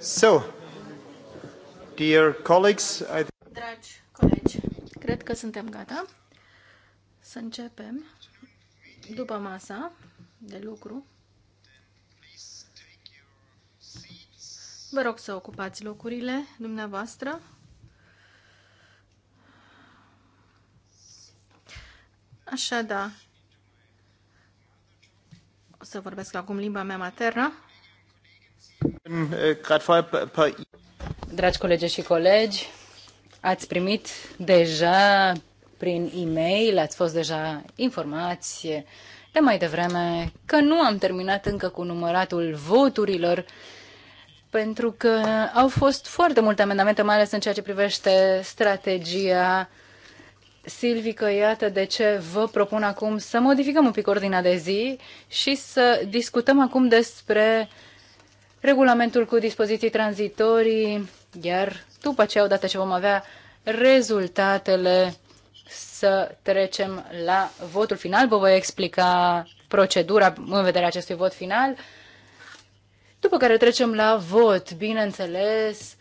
So, dear colleagues, I... Dragi colegi, cred că suntem gata să începem după masa de lucru. Vă rog să ocupați locurile dumneavoastră. Așa da. o să vorbesc acum limba mea maternă, Dragi colegi și colegi, ați primit deja prin e-mail, ați fost deja informați de mai devreme că nu am terminat încă cu număratul voturilor pentru că au fost foarte multe amendamente, mai ales în ceea ce privește strategia silvică, iată de ce vă propun acum să modificăm un pic ordinea de zi și să discutăm acum despre uh, regulamentul cu dispoziții tranzitorii, iar după aceea, odată ce vom avea rezultatele, să trecem la votul final. Vă voi explica procedura în vederea acestui vot final. După care trecem la vot, bineînțeles.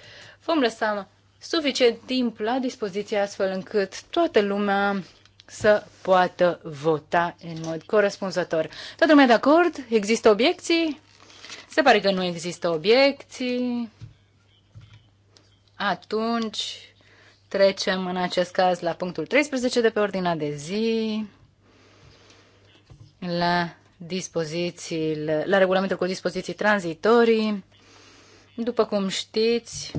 Vom lăsa suficient timp la dispoziție astfel încât toată lumea să poată vota în mod corespunzător. Toată lumea de acord? Există obiecții? Se pare că nu există obiecții. Atunci trecem în acest caz la punctul 13 de pe ordinea de zi, la, dispozițiile, la regulamentul cu dispoziții tranzitorii. După cum știți,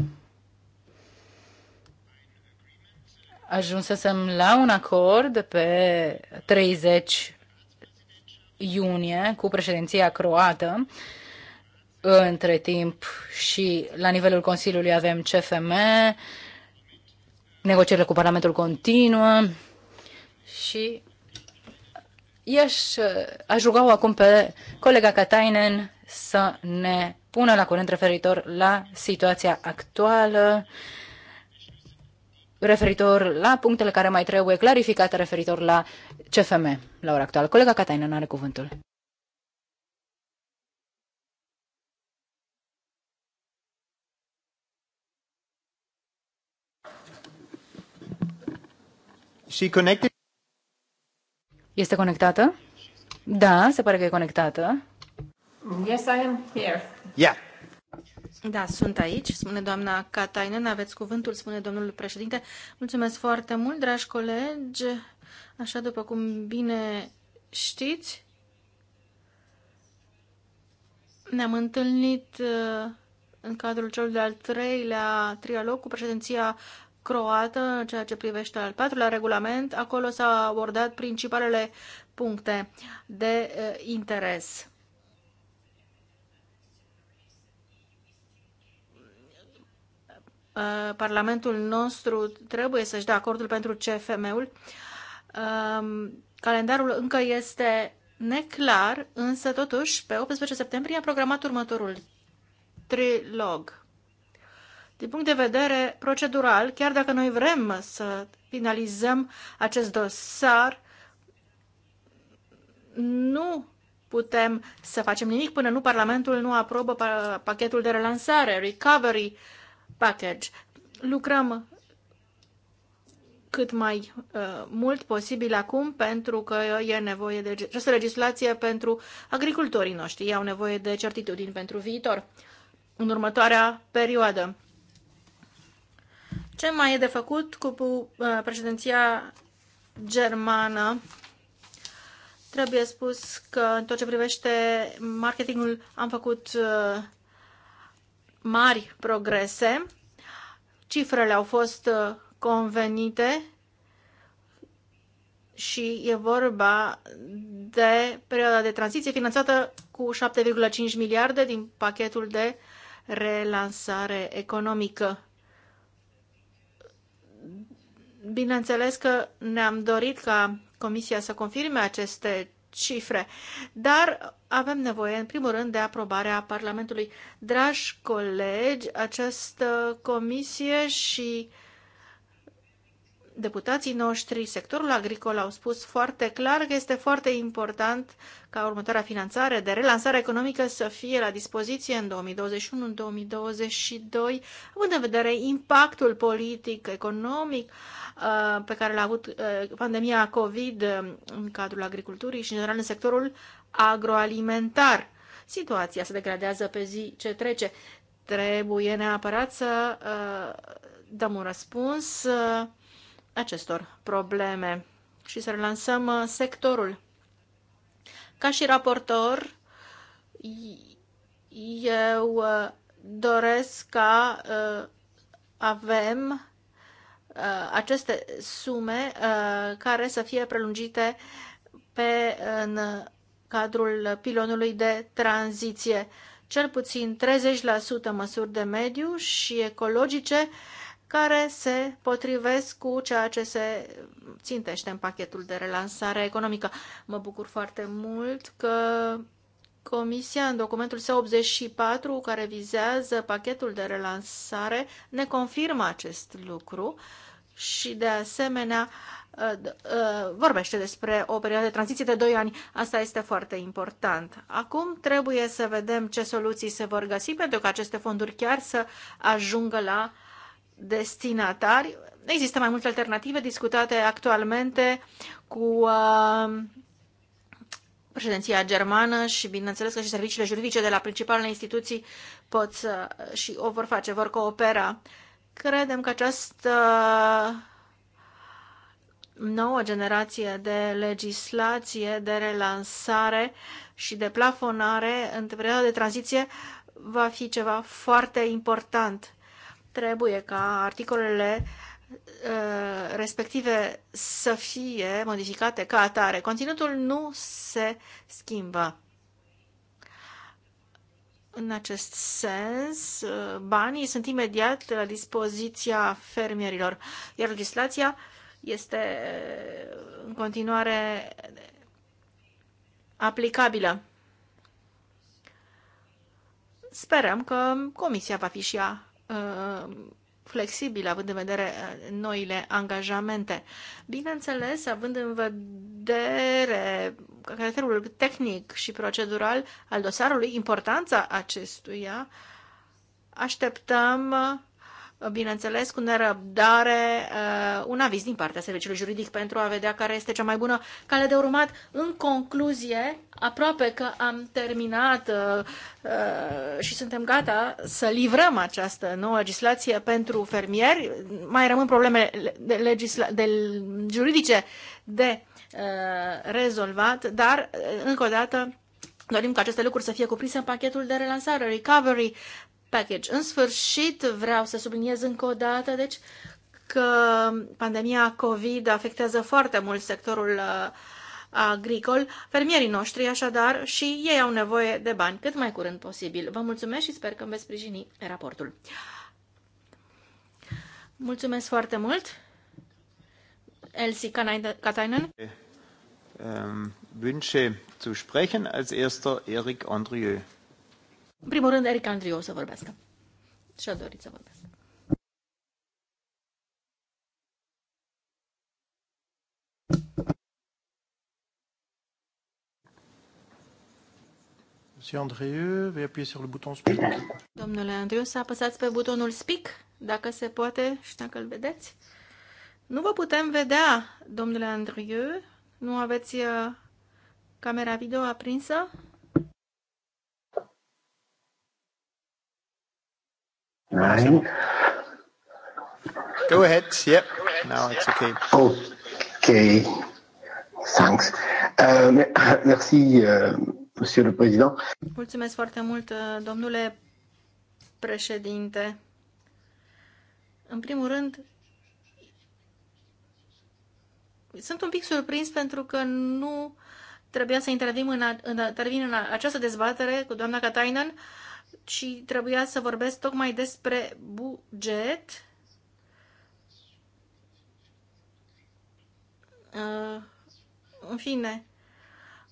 ajunsesem la un acord pe 30 iunie cu președinția croată între timp și la nivelul Consiliului avem CFM, negocierile cu Parlamentul continuă și i-aș, aș ruga acum pe colega Katainen să ne pună la curent referitor la situația actuală, referitor la punctele care mai trebuie clarificate referitor la CFM la ora actuală. Colega Katainen are cuvântul. și Este conectată? Da, se pare că e conectată. Yes, I am here. Yeah. Da, sunt aici, spune doamna Katainen, aveți cuvântul, spune domnul președinte. Mulțumesc foarte mult, dragi colegi. Așa după cum bine știți, ne-am întâlnit uh, în cadrul celor de-al treilea trialog cu președinția croată în ceea ce privește al patrulea regulament. Acolo s-au abordat principalele puncte de interes. Parlamentul nostru trebuie să-și dea acordul pentru CFM-ul. Calendarul încă este neclar, însă totuși pe 18 septembrie a programat următorul trilog din punct de vedere procedural, chiar dacă noi vrem să finalizăm acest dosar, nu putem să facem nimic până nu Parlamentul nu aprobă pachetul de relansare, recovery package. Lucrăm cât mai uh, mult posibil acum pentru că e nevoie de această legislație pentru agricultorii noștri. Ei au nevoie de certitudini pentru viitor în următoarea perioadă. Ce mai e de făcut cu uh, președinția germană? Trebuie spus că în tot ce privește marketingul am făcut uh, mari progrese. Cifrele au fost uh, convenite și e vorba de perioada de tranziție finanțată cu 7,5 miliarde din pachetul de relansare economică. Bineînțeles că ne-am dorit ca Comisia să confirme aceste cifre, dar avem nevoie, în primul rând, de aprobarea Parlamentului. Dragi colegi, această comisie și deputații noștri, sectorul agricol, au spus foarte clar că este foarte important ca următoarea finanțare de relansare economică să fie la dispoziție în 2021-2022, având în vedere impactul politic, economic Uh, pe care l-a avut uh, pandemia COVID uh, în cadrul agriculturii și, în general, în sectorul agroalimentar. Situația se degradează pe zi ce trece. Trebuie neapărat să dăm un răspuns acestor probleme și să relansăm sectorul. Ca și raportor, eu doresc ca avem Uh, aceste sume uh, care să fie prelungite pe, în cadrul pilonului de tranziție. Cel puțin 30% măsuri de mediu și ecologice care se potrivesc cu ceea ce se țintește în pachetul de relansare economică. Mă bucur foarte mult că Comisia, în documentul său 84, care vizează pachetul de relansare, ne confirmă acest lucru. Uh, și de asemenea ă, ă, vorbește despre o perioadă de tranziție de 2 ani. Asta este foarte important. Acum trebuie să vedem ce soluții se vor găsi pentru că aceste fonduri chiar să ajungă la destinatari. Există mai multe alternative discutate actualmente cu ă, președinția germană și bineînțeles că și serviciile juridice de la principalele instituții pot să și o vor face, vor coopera. Credem că această nouă generație de legislație, de relansare și de plafonare în perioada de tranziție va fi ceva foarte important. Trebuie ca articolele uh, respective să fie modificate ca atare. Conținutul nu se schimbă. În acest sens, banii sunt imediat la dispoziția fermierilor, iar legislația este în continuare aplicabilă. Sperăm că Comisia va fi și ea uh, flexibil, având în vedere uh, noile angajamente. Bineînțeles, având în vedere caracterul tehnic și procedural al dosarului, importanța acestuia, așteptăm bineînțeles, cu nerăbdare, uh, un aviz din partea serviciului juridic pentru a vedea care este cea mai bună cale de urmat. În concluzie, aproape că am terminat uh, uh, și suntem gata să livrăm această nouă legislație pentru fermieri. Mai rămân probleme de legisla- de juridice de rezolvat, dar, încă o dată, Dorim ca aceste lucruri să fie cuprinse în pachetul de relansare, recovery, package. În sfârșit, vreau să subliniez încă o dată, deci, că pandemia COVID afectează foarte mult sectorul uh, agricol, fermierii noștri, așadar, și ei au nevoie de bani cât mai curând posibil. Vă mulțumesc și sper că îmi veți sprijini raportul. Mulțumesc foarte mult, Elsie Katainen. Ähm, wünsche zu sprechen, als erster Eric Andrieu. În primul rând, Eric Andriu o să vorbească. Și-a dorit să vorbească. Domnule Andreu, să apăsați pe butonul speak, dacă se poate și dacă îl vedeți. Nu vă putem vedea, domnule Andreu. Nu aveți uh, camera video aprinsă? Nein. Go ahead. Yep. Now it's okay. Okay. Thanks. Uh, merci, uh, Monsieur le Président. Mulțumesc foarte mult, uh, domnule președinte. În primul rând, sunt un pic surprins pentru că nu trebuia să intervin în, a, în, intervin în această dezbatere cu doamna Katainen. Uh, ci trebuia să vorbesc tocmai despre buget. Uh, în fine,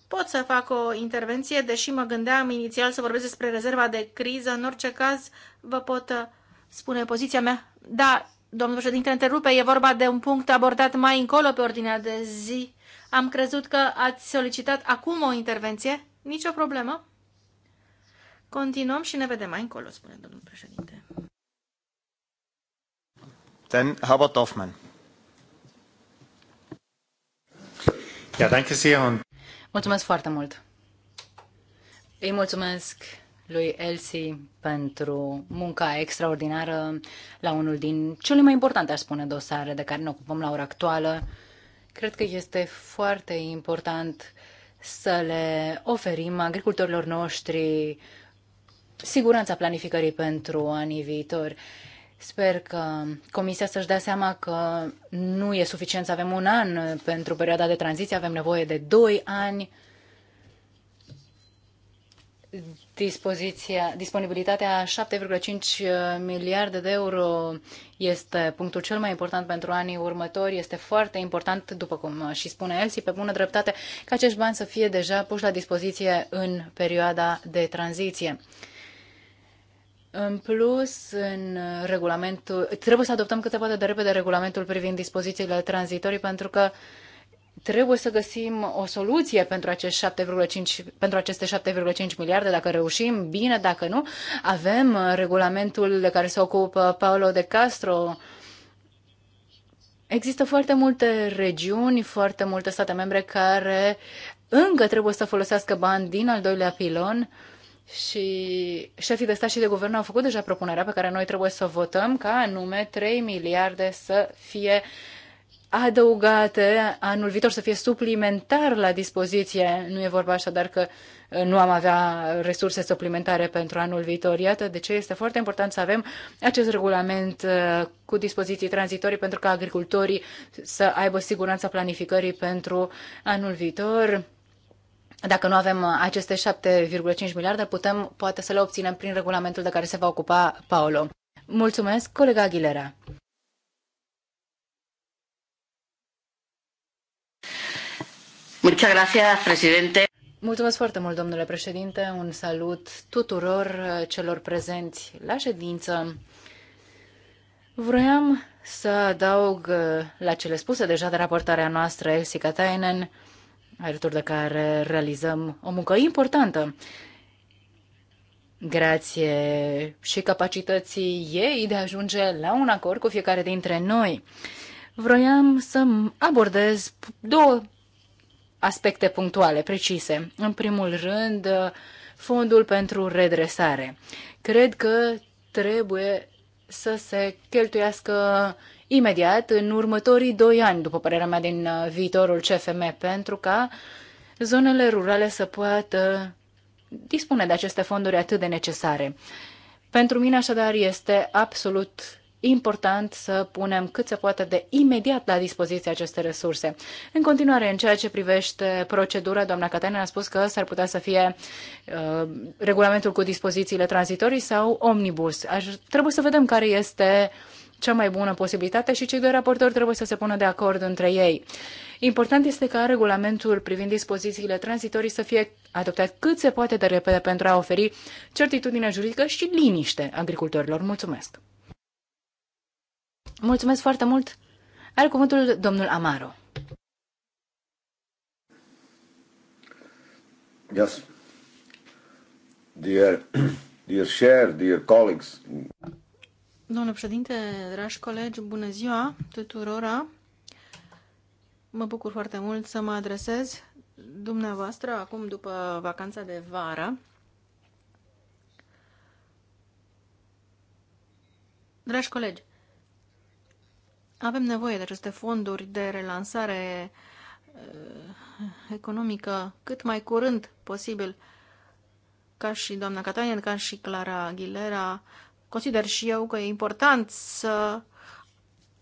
pot să fac o intervenție, deși mă gândeam inițial să vorbesc despre rezerva de criză. În orice caz, vă pot uh, spune poziția mea. Da, domnul președinte, întrerupe, e vorba de un punct abordat mai încolo pe ordinea de zi. Am crezut că ați solicitat acum o intervenție. Nicio problemă. Continuăm și ne vedem mai încolo, spune domnul președinte. Then Herbert Dorfman. Ja, danke sehr und Mulțumesc foarte mult. Îi mulțumesc lui Elsie pentru munca extraordinară la unul din cele mai importante, aș spune, dosare de care ne ocupăm la ora actuală. Cred că este foarte important să le oferim agricultorilor noștri siguranța planificării pentru anii viitori. Sper că Comisia să-și dea seama că nu e suficient să avem un an pentru perioada de tranziție, avem nevoie de doi ani. Dispoziția, disponibilitatea 7,5 miliarde de euro este punctul cel mai important pentru anii următori. Este foarte important, după cum și spune Elsie, pe bună dreptate, ca acești bani să fie deja puși la dispoziție în perioada de tranziție. În plus, în regulamentul, trebuie să adoptăm câte poate de repede regulamentul privind dispozițiile tranzitorii, pentru că trebuie să găsim o soluție pentru, aceste 7,5, pentru aceste 7,5 miliarde, dacă reușim, bine, dacă nu. Avem regulamentul de care se ocupă Paolo de Castro. Există foarte multe regiuni, foarte multe state membre care încă trebuie să folosească bani din al doilea pilon și șefii de stat și de guvern au făcut deja propunerea pe care noi trebuie să o votăm, ca anume 3 miliarde să fie adăugate anul viitor, să fie suplimentar la dispoziție. Nu e vorba dar că uh, nu am avea resurse suplimentare pentru anul viitor. Iată de ce este foarte important să avem acest regulament uh, cu dispoziții tranzitorii pentru ca agricultorii să aibă siguranța planificării pentru anul viitor dacă nu avem uh, aceste 7,5 miliarde, putem poate să le obținem prin regulamentul de care se va ocupa Paolo. Mulțumesc, colega Aguilera. Muchas gracias, presidente. Mulțumesc foarte mult, domnule președinte. Un salut tuturor uh, celor prezenți la ședință. Vroiam să adaug uh, la cele spuse deja de raportarea noastră, Elsie Katainen, alături de care realizăm o muncă importantă. Grație și capacității ei de a ajunge la un acord cu fiecare dintre noi. Vroiam să abordez două aspecte punctuale, precise. În primul rând, fondul pentru redresare. Cred că trebuie să se cheltuiască imediat în următorii doi ani, după părerea mea, din uh, viitorul CFM, pentru ca zonele rurale să poată dispune de aceste fonduri atât de necesare. Pentru mine, așadar, este absolut important să punem cât se poate de imediat la dispoziție aceste resurse. În continuare, în ceea ce privește procedura, doamna Catania a spus că s-ar putea să fie uh, regulamentul cu dispozițiile tranzitorii sau omnibus. Aș, trebuie să vedem care este uh, cea mai bună posibilitate și cei doi raportori trebuie să se pună de acord între ei. Important este ca regulamentul privind dispozițiile tranzitorii să fie adoptat cât se poate de repede pentru a oferi certitudine juridică și liniște agricultorilor. Mulțumesc! Mulțumesc foarte mult! Are cuvântul domnul Amaro. Yes. Dear, dear share, dear colleagues. Domnule președinte, dragi colegi, bună ziua tuturora! Mă bucur foarte mult să mă adresez dumneavoastră acum după vacanța de vară. Dragi colegi, avem nevoie de aceste fonduri de relansare uh, economică cât mai curând posibil, ca și doamna Catania, ca și Clara Aguilera, Consider și eu că e important să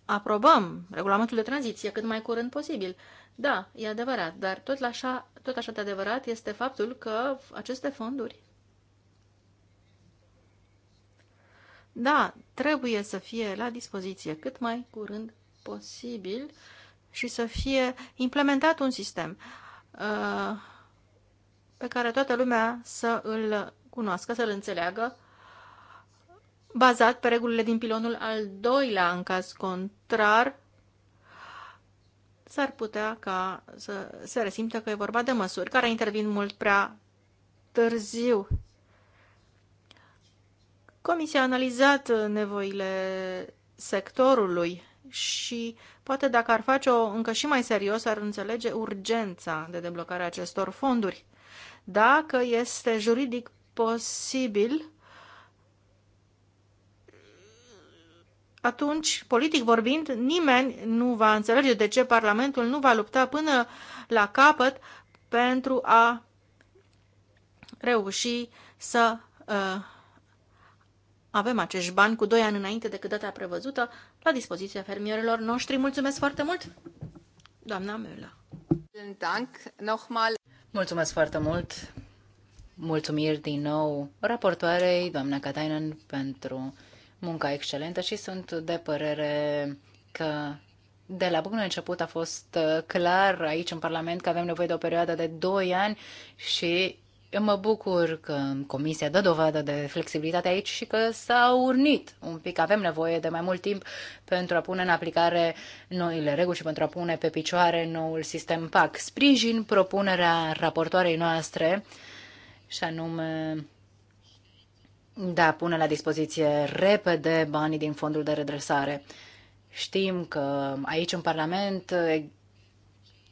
aprobăm regulamentul de tranziție cât mai curând posibil. Da, e adevărat, dar tot așa, tot așa de adevărat este faptul că aceste fonduri, da, trebuie să fie la dispoziție cât mai curând posibil și să fie implementat un sistem uh, pe care toată lumea să îl cunoască, să-l înțeleagă bazat pe regulile din pilonul al doilea, în caz contrar, s-ar putea ca să se resimtă că e vorba de măsuri care intervin mult prea târziu. Comisia a analizat nevoile sectorului și poate dacă ar face-o încă și mai serios, ar înțelege urgența de a acestor fonduri. Dacă este juridic posibil, atunci, politic vorbind, nimeni nu va înțelege de ce Parlamentul nu va lupta până la capăt pentru a reuși să uh, avem acești bani cu 2 ani înainte decât data prevăzută la dispoziția fermierilor noștri. Mulțumesc foarte mult, doamna Müller. Mulțumesc foarte mult. Mulțumiri din nou raportoarei, doamna Katainen, pentru munca excelentă și sunt de părere că de la bun început a fost uh, clar aici în Parlament că avem nevoie de o perioadă de 2 ani și mă bucur că Comisia dă dovadă de flexibilitate aici și că s-a urnit un pic. Avem nevoie de mai mult timp pentru a pune în aplicare noile reguli și pentru a pune pe picioare noul sistem PAC. Sprijin propunerea raportoarei noastre și anume de a pune la dispoziție repede banii din fondul de redresare. Știm că aici în Parlament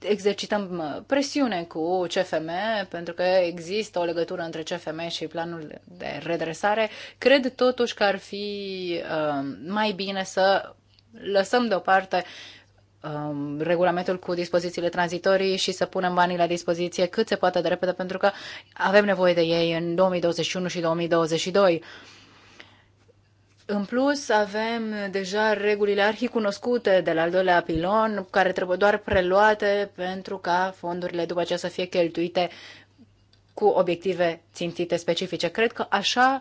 exercităm presiune cu CFM pentru că există o legătură între CFM și planul de redresare. Cred totuși că ar fi uh, mai bine să lăsăm deoparte Um, regulamentul cu dispozițiile tranzitorii și să punem banii la dispoziție cât se poate de repede, pentru că avem nevoie de ei în 2021 și 2022. În plus, avem deja regulile arhicunoscute de la al doilea pilon, care trebuie doar preluate pentru ca fondurile după aceea să fie cheltuite cu obiective țintite specifice. Cred că așa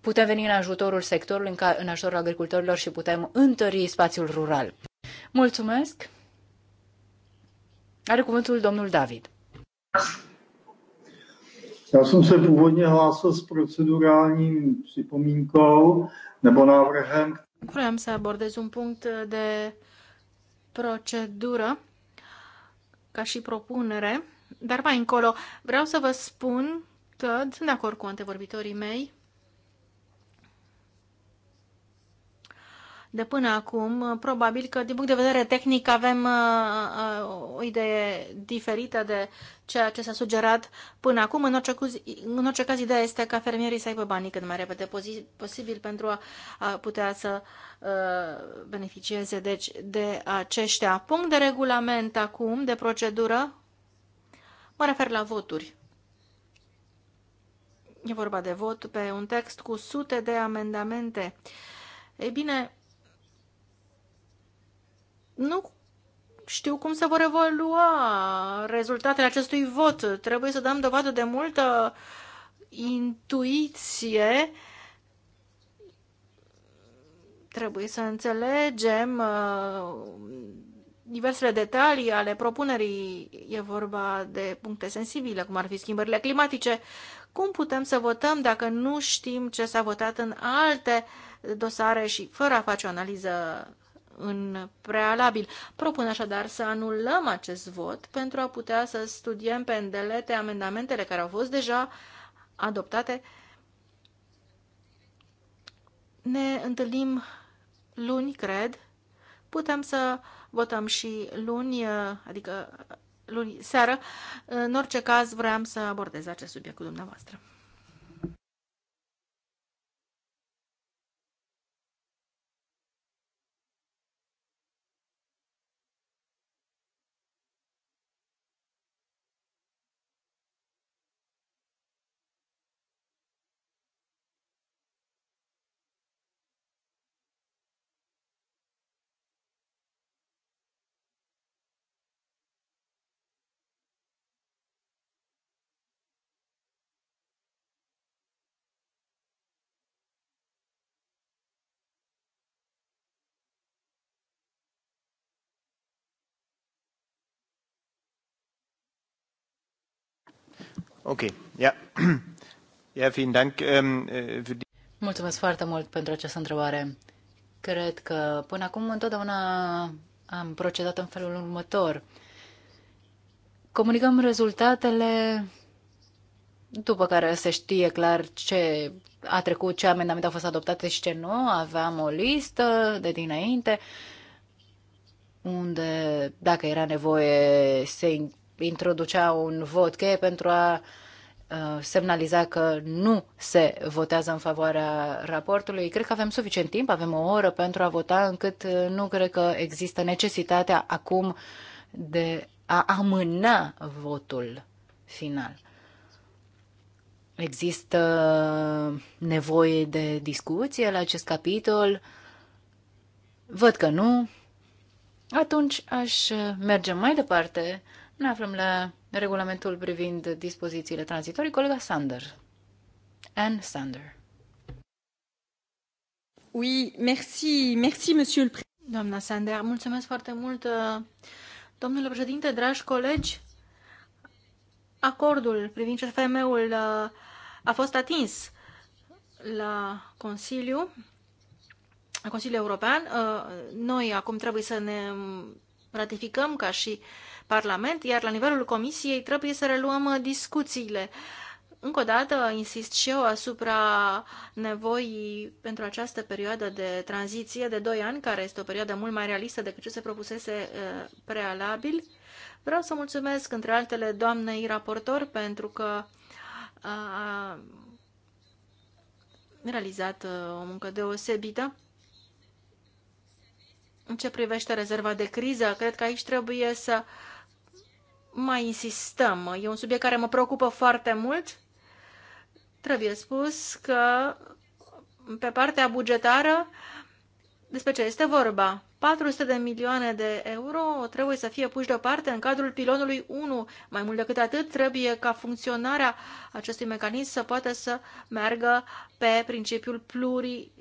putem veni în ajutorul sectorului, în ajutorul agricultorilor și putem întări spațiul rural. Mulțumesc! Are cuvântul domnul David. Já jsem se původně hlásil s procedurálním připomínkou nebo návrhem. Vreau se abordez un punct de procedură ca și propunere, dar mai încolo vreau să vă spun că sunt de acord cu antevorbitorii mei de până acum. Probabil că, din punct de vedere tehnic, avem uh, uh, o idee diferită de ceea ce s-a sugerat până acum. În orice, caz, în orice caz, ideea este ca fermierii să aibă banii cât mai repede posibil pentru a, a putea să uh, beneficieze deci, de aceștia. Punct de regulament acum, de procedură, mă refer la voturi. E vorba de vot pe un text cu sute de amendamente. Ei bine, nu știu cum se vor evolua rezultatele acestui vot. Trebuie să dăm dovadă de multă intuiție. Trebuie să înțelegem uh, diversele detalii ale propunerii. E vorba de puncte sensibile, cum ar fi schimbările climatice. Cum putem să votăm dacă nu știm ce s-a votat în alte dosare și fără a face o analiză în prealabil. Propun așadar să anulăm acest vot pentru a putea să studiem pe îndelete amendamentele care au fost deja adoptate. Ne întâlnim luni, cred. Putem să votăm și luni, adică luni seară. În orice caz, vreau să abordez acest subiect cu dumneavoastră. Ähm, äh, Mulțumesc foarte mult pentru această întrebare. Cred că până acum întotdeauna am procedat în felul următor. Comunicăm rezultatele după care se știe clar ce a trecut, ce amendamente au fost adoptate și ce nu. Aveam o listă de dinainte unde, dacă era nevoie, se introducea un vot cheie pentru a uh, semnaliza că nu se votează în favoarea raportului. Cred că avem suficient timp, avem o oră pentru a vota, încât uh, nu cred că există necesitatea acum de a amâna votul final. Există nevoie de discuție la acest capitol? Văd că nu. Atunci aș uh, merge mai departe ne aflăm la regulamentul privind dispozițiile tranzitorii. Colega Sander. Anne Sander. Oui, merci, merci, monsieur le président. Doamna Sander, mulțumesc foarte mult. Domnule președinte, dragi colegi, acordul privind CFM-ul uh, a fost atins la Consiliu, la Consiliul European. Uh, noi acum trebuie să ne ratificăm ca și uh, Parlament, iar la nivelul Comisiei trebuie să reluăm uh, discuțiile. Încă o dată insist și eu asupra nevoii pentru această perioadă de tranziție de 2 ani, care este o perioadă mult mai realistă decât ce se propusese uh, prealabil. Vreau să mulțumesc, între altele, doamnei raportor pentru că uh, a realizat o muncă deosebită. În ce privește rezerva de criză, cred că aici trebuie să uh, mai insistăm. E un subiect care mă preocupă foarte mult. Trebuie spus că pe partea bugetară despre ce este vorba? 400 de milioane de euro trebuie să fie puși deoparte în cadrul pilonului 1. Mai mult decât atât, trebuie ca funcționarea acestui mecanism să poată să meargă pe principiul plurii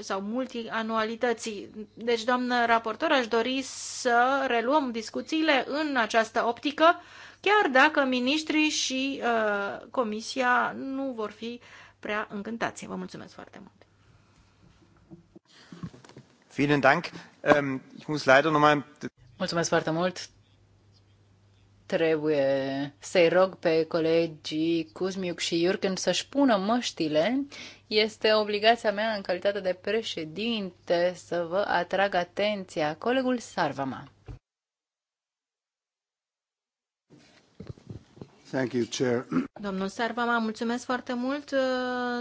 sau multianualității. Deci, doamnă raportor, aș dori să reluăm discuțiile în această optică, chiar dacă ministrii și uh, comisia nu vor fi prea încântați. Vă mulțumesc foarte mult! Vielen Dank. Ähm, ich muss leider Mulțumesc foarte mult. Trebuie să-i rog pe colegii Cuzmiuc și Iurgen să-și pună măștile. Este obligația mea în calitate de președinte să vă atrag atenția. Colegul Sarvama. Thank you, Chair. Domnul Sarvama, mulțumesc foarte mult,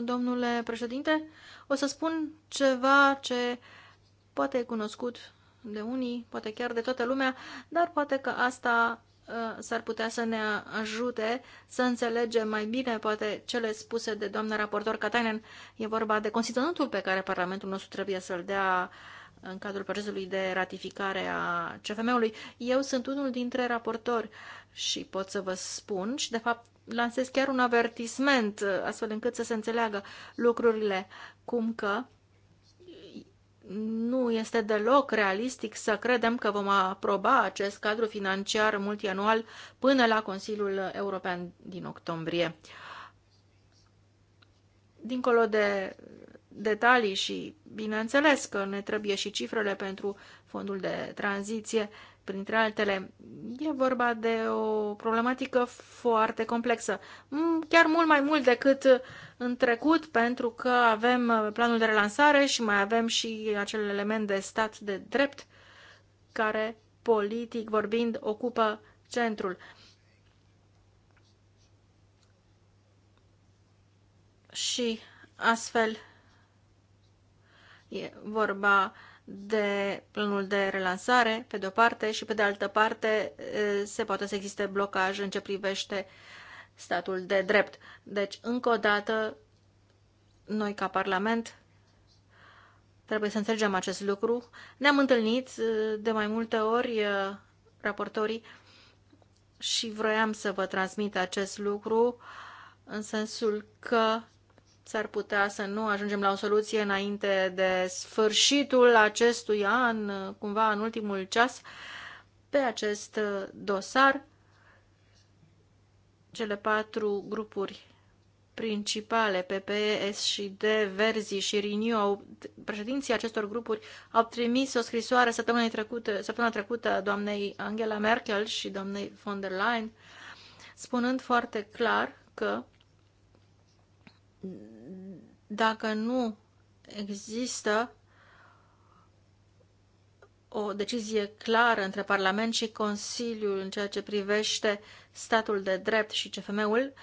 domnule președinte. O să spun ceva ce uh, poate e cunoscut de unii, poate chiar de toată lumea, dar poate că asta uh, s-ar putea să ne ajute să înțelegem mai bine poate cele spuse de doamna raportor Katainen. E vorba de considerentul pe care Parlamentul nostru trebuie să-l dea uh, în cadrul procesului de ratificare a CFM-ului. Eu sunt unul dintre raportori și pot să vă spun și de fapt lansez chiar un avertisment uh, astfel încât să se înțeleagă lucrurile cum că nu este deloc realistic să credem că vom aproba acest cadru financiar multianual până la Consiliul European din octombrie. Dincolo de detalii și bineînțeles că ne trebuie și cifrele pentru fondul de tranziție, printre altele. E vorba de o problematică foarte complexă, chiar mult mai mult decât în trecut, pentru că avem planul de relansare și mai avem și acel element de stat de drept care, politic vorbind, ocupă centrul. Și astfel e vorba uh, de planul de relansare, pe de o parte, și pe de altă parte se poate să existe blocaj în ce privește statul de drept. Deci, încă o dată, noi ca Parlament trebuie să înțelegem acest lucru. Ne-am întâlnit de mai multe ori raportorii și vroiam să vă transmit acest lucru în sensul că s-ar putea să nu ajungem la o soluție înainte de sfârșitul acestui an, cumva în ultimul ceas, pe acest dosar. Cele patru grupuri principale, PPS și D, Verzi și Renew, au, președinții acestor grupuri au trimis o scrisoare săptămâna trecută, săptămâna trecută doamnei Angela Merkel și doamnei von der Leyen, spunând foarte clar că dacă nu există o decizie clară între Parlament și Consiliul în ceea ce privește statul de drept și CFM-ul,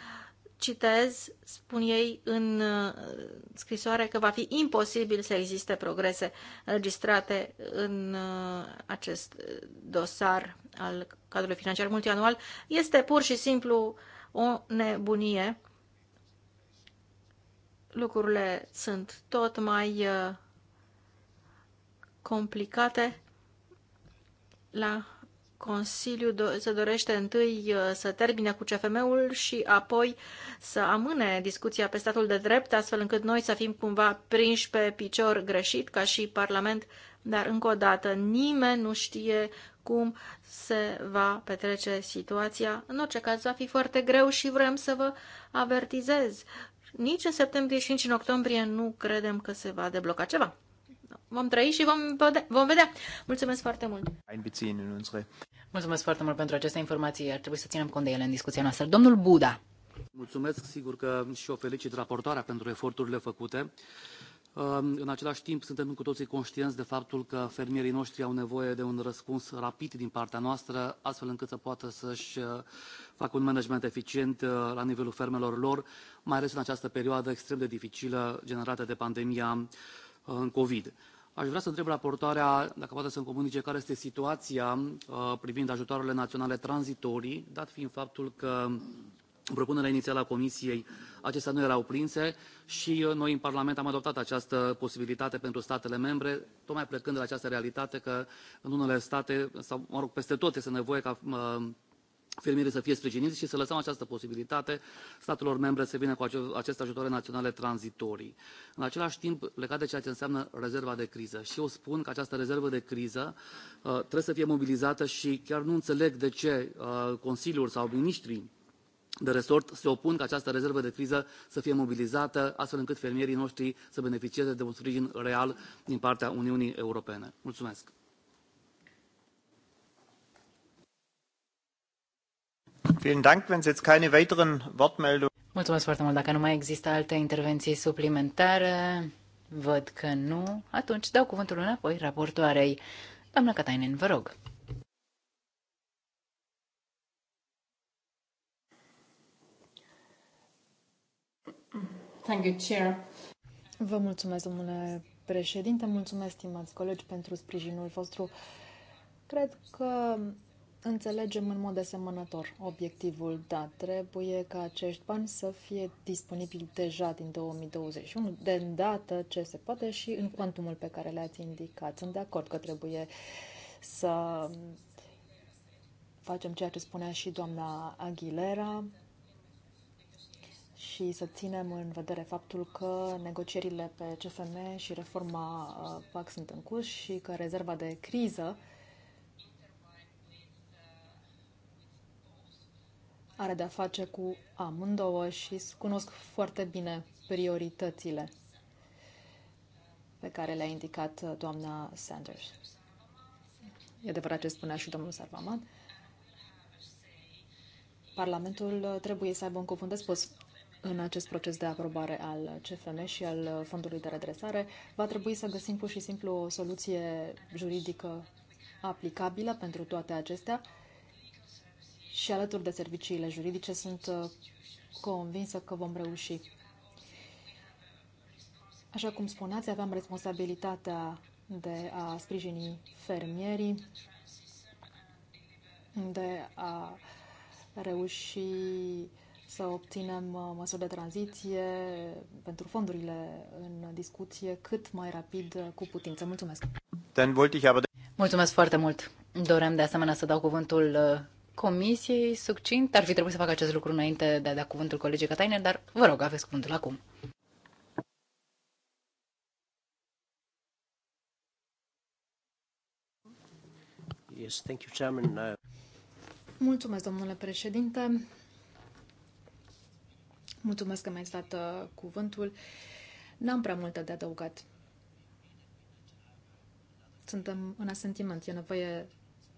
citez, spun ei în uh, scrisoare că va fi imposibil să existe progrese înregistrate în uh, acest dosar al cadrului financiar multianual. Este pur și simplu o nebunie lucrurile sunt tot mai uh, complicate. La Consiliu se dorește întâi uh, să termine cu CFM-ul și apoi să amâne discuția pe statul de drept, astfel încât noi să fim cumva prinși pe picior greșit, ca și Parlament, dar încă o dată nimeni nu știe cum se va petrece situația. În orice caz, va fi foarte greu și vrem să vă avertizez nici în septembrie și nici în octombrie nu credem că se va debloca ceva. Vom trăi și vom vedea. Vom vedea. Mulțumesc foarte mult! Mulțumesc foarte mult pentru aceste informații. Ar trebui să ținem cont de ele în discuția noastră. Domnul Buda. Mulțumesc, sigur că și o felicit raportoarea pentru eforturile făcute. În același timp, suntem cu toții conștienți de faptul că fermierii noștri au nevoie de un răspuns rapid din partea noastră, astfel încât să poată să-și uh, facă un management eficient uh, la nivelul fermelor lor, mai ales în această perioadă extrem de dificilă generată de pandemia uh, în COVID. Aș vrea să întreb raportoarea dacă poate să-mi comunice care este situația privind ajutoarele naționale tranzitorii, dat fiind faptul că în propunerea inițială a comisiei acestea nu erau prinse și uh, noi în parlament am adoptat această posibilitate pentru statele membre tocmai plecând de la această realitate că în unele state sau mă rog peste tot este nevoie ca uh, fermierii să fie sprijiniți și să lăsăm această posibilitate statelor membre să vină cu aceste ajutoare naționale tranzitorii. în același timp legat de ceea ce înseamnă rezerva de criză și eu spun că această rezervă de criză uh, trebuie să fie mobilizată și chiar nu înțeleg de ce consiliul sau miniștrii de resort se opun ca această rezervă de criză să fie mobilizată astfel încât fermierii noștri să beneficieze de un sprijin real din partea uniunii europene. mulțumesc. Mulțumesc foarte mult. Dacă nu mai există alte intervenții suplimentare, văd că nu, atunci dau cuvântul înapoi raportoarei. Doamna Catainen, vă rog. Thank you, Chair. Vă mulțumesc, domnule președinte, mulțumesc, stimați colegi, pentru sprijinul vostru. Cred că înțelegem în mod asemănător obiectivul, da, trebuie ca acești bani să fie disponibili deja din 2021, de îndată ce se poate și în cuantumul pe care le-ați indicat. Sunt de acord că trebuie să facem ceea ce spunea și doamna Aguilera, și să ținem în vedere faptul că negocierile pe CFM și reforma uh, PAC sunt în curs și că rezerva de criză are de-a face cu amândouă și cunosc foarte bine prioritățile pe care le-a indicat uh, doamna Sanders. E adevărat ce spunea și domnul Sarvaman. Parlamentul uh, trebuie să aibă un cuvânt de spus în acest proces de aprobare al CFM și al Fondului de Redresare, va trebui să găsim pur și simplu o soluție juridică aplicabilă pentru toate acestea și alături de serviciile juridice sunt uh, convinsă că vom reuși. Așa cum spuneați, aveam responsabilitatea de a sprijini fermierii, de a reuși să obținem uh, măsuri de tranziție pentru fondurile în discuție cât mai rapid uh, cu putință. Mulțumesc! Mulțumesc foarte mult! Doream de asemenea să dau cuvântul uh, comisiei succint. Ar fi trebuit să fac acest lucru înainte de a da cuvântul colegii Catainer, dar vă rog, aveți cuvântul acum. Yes, thank you, Chairman. Mulțumesc, domnule președinte. Mulțumesc că mi-ai dat uh, cuvântul. N-am prea multe de adăugat. Suntem în asentiment. E nevoie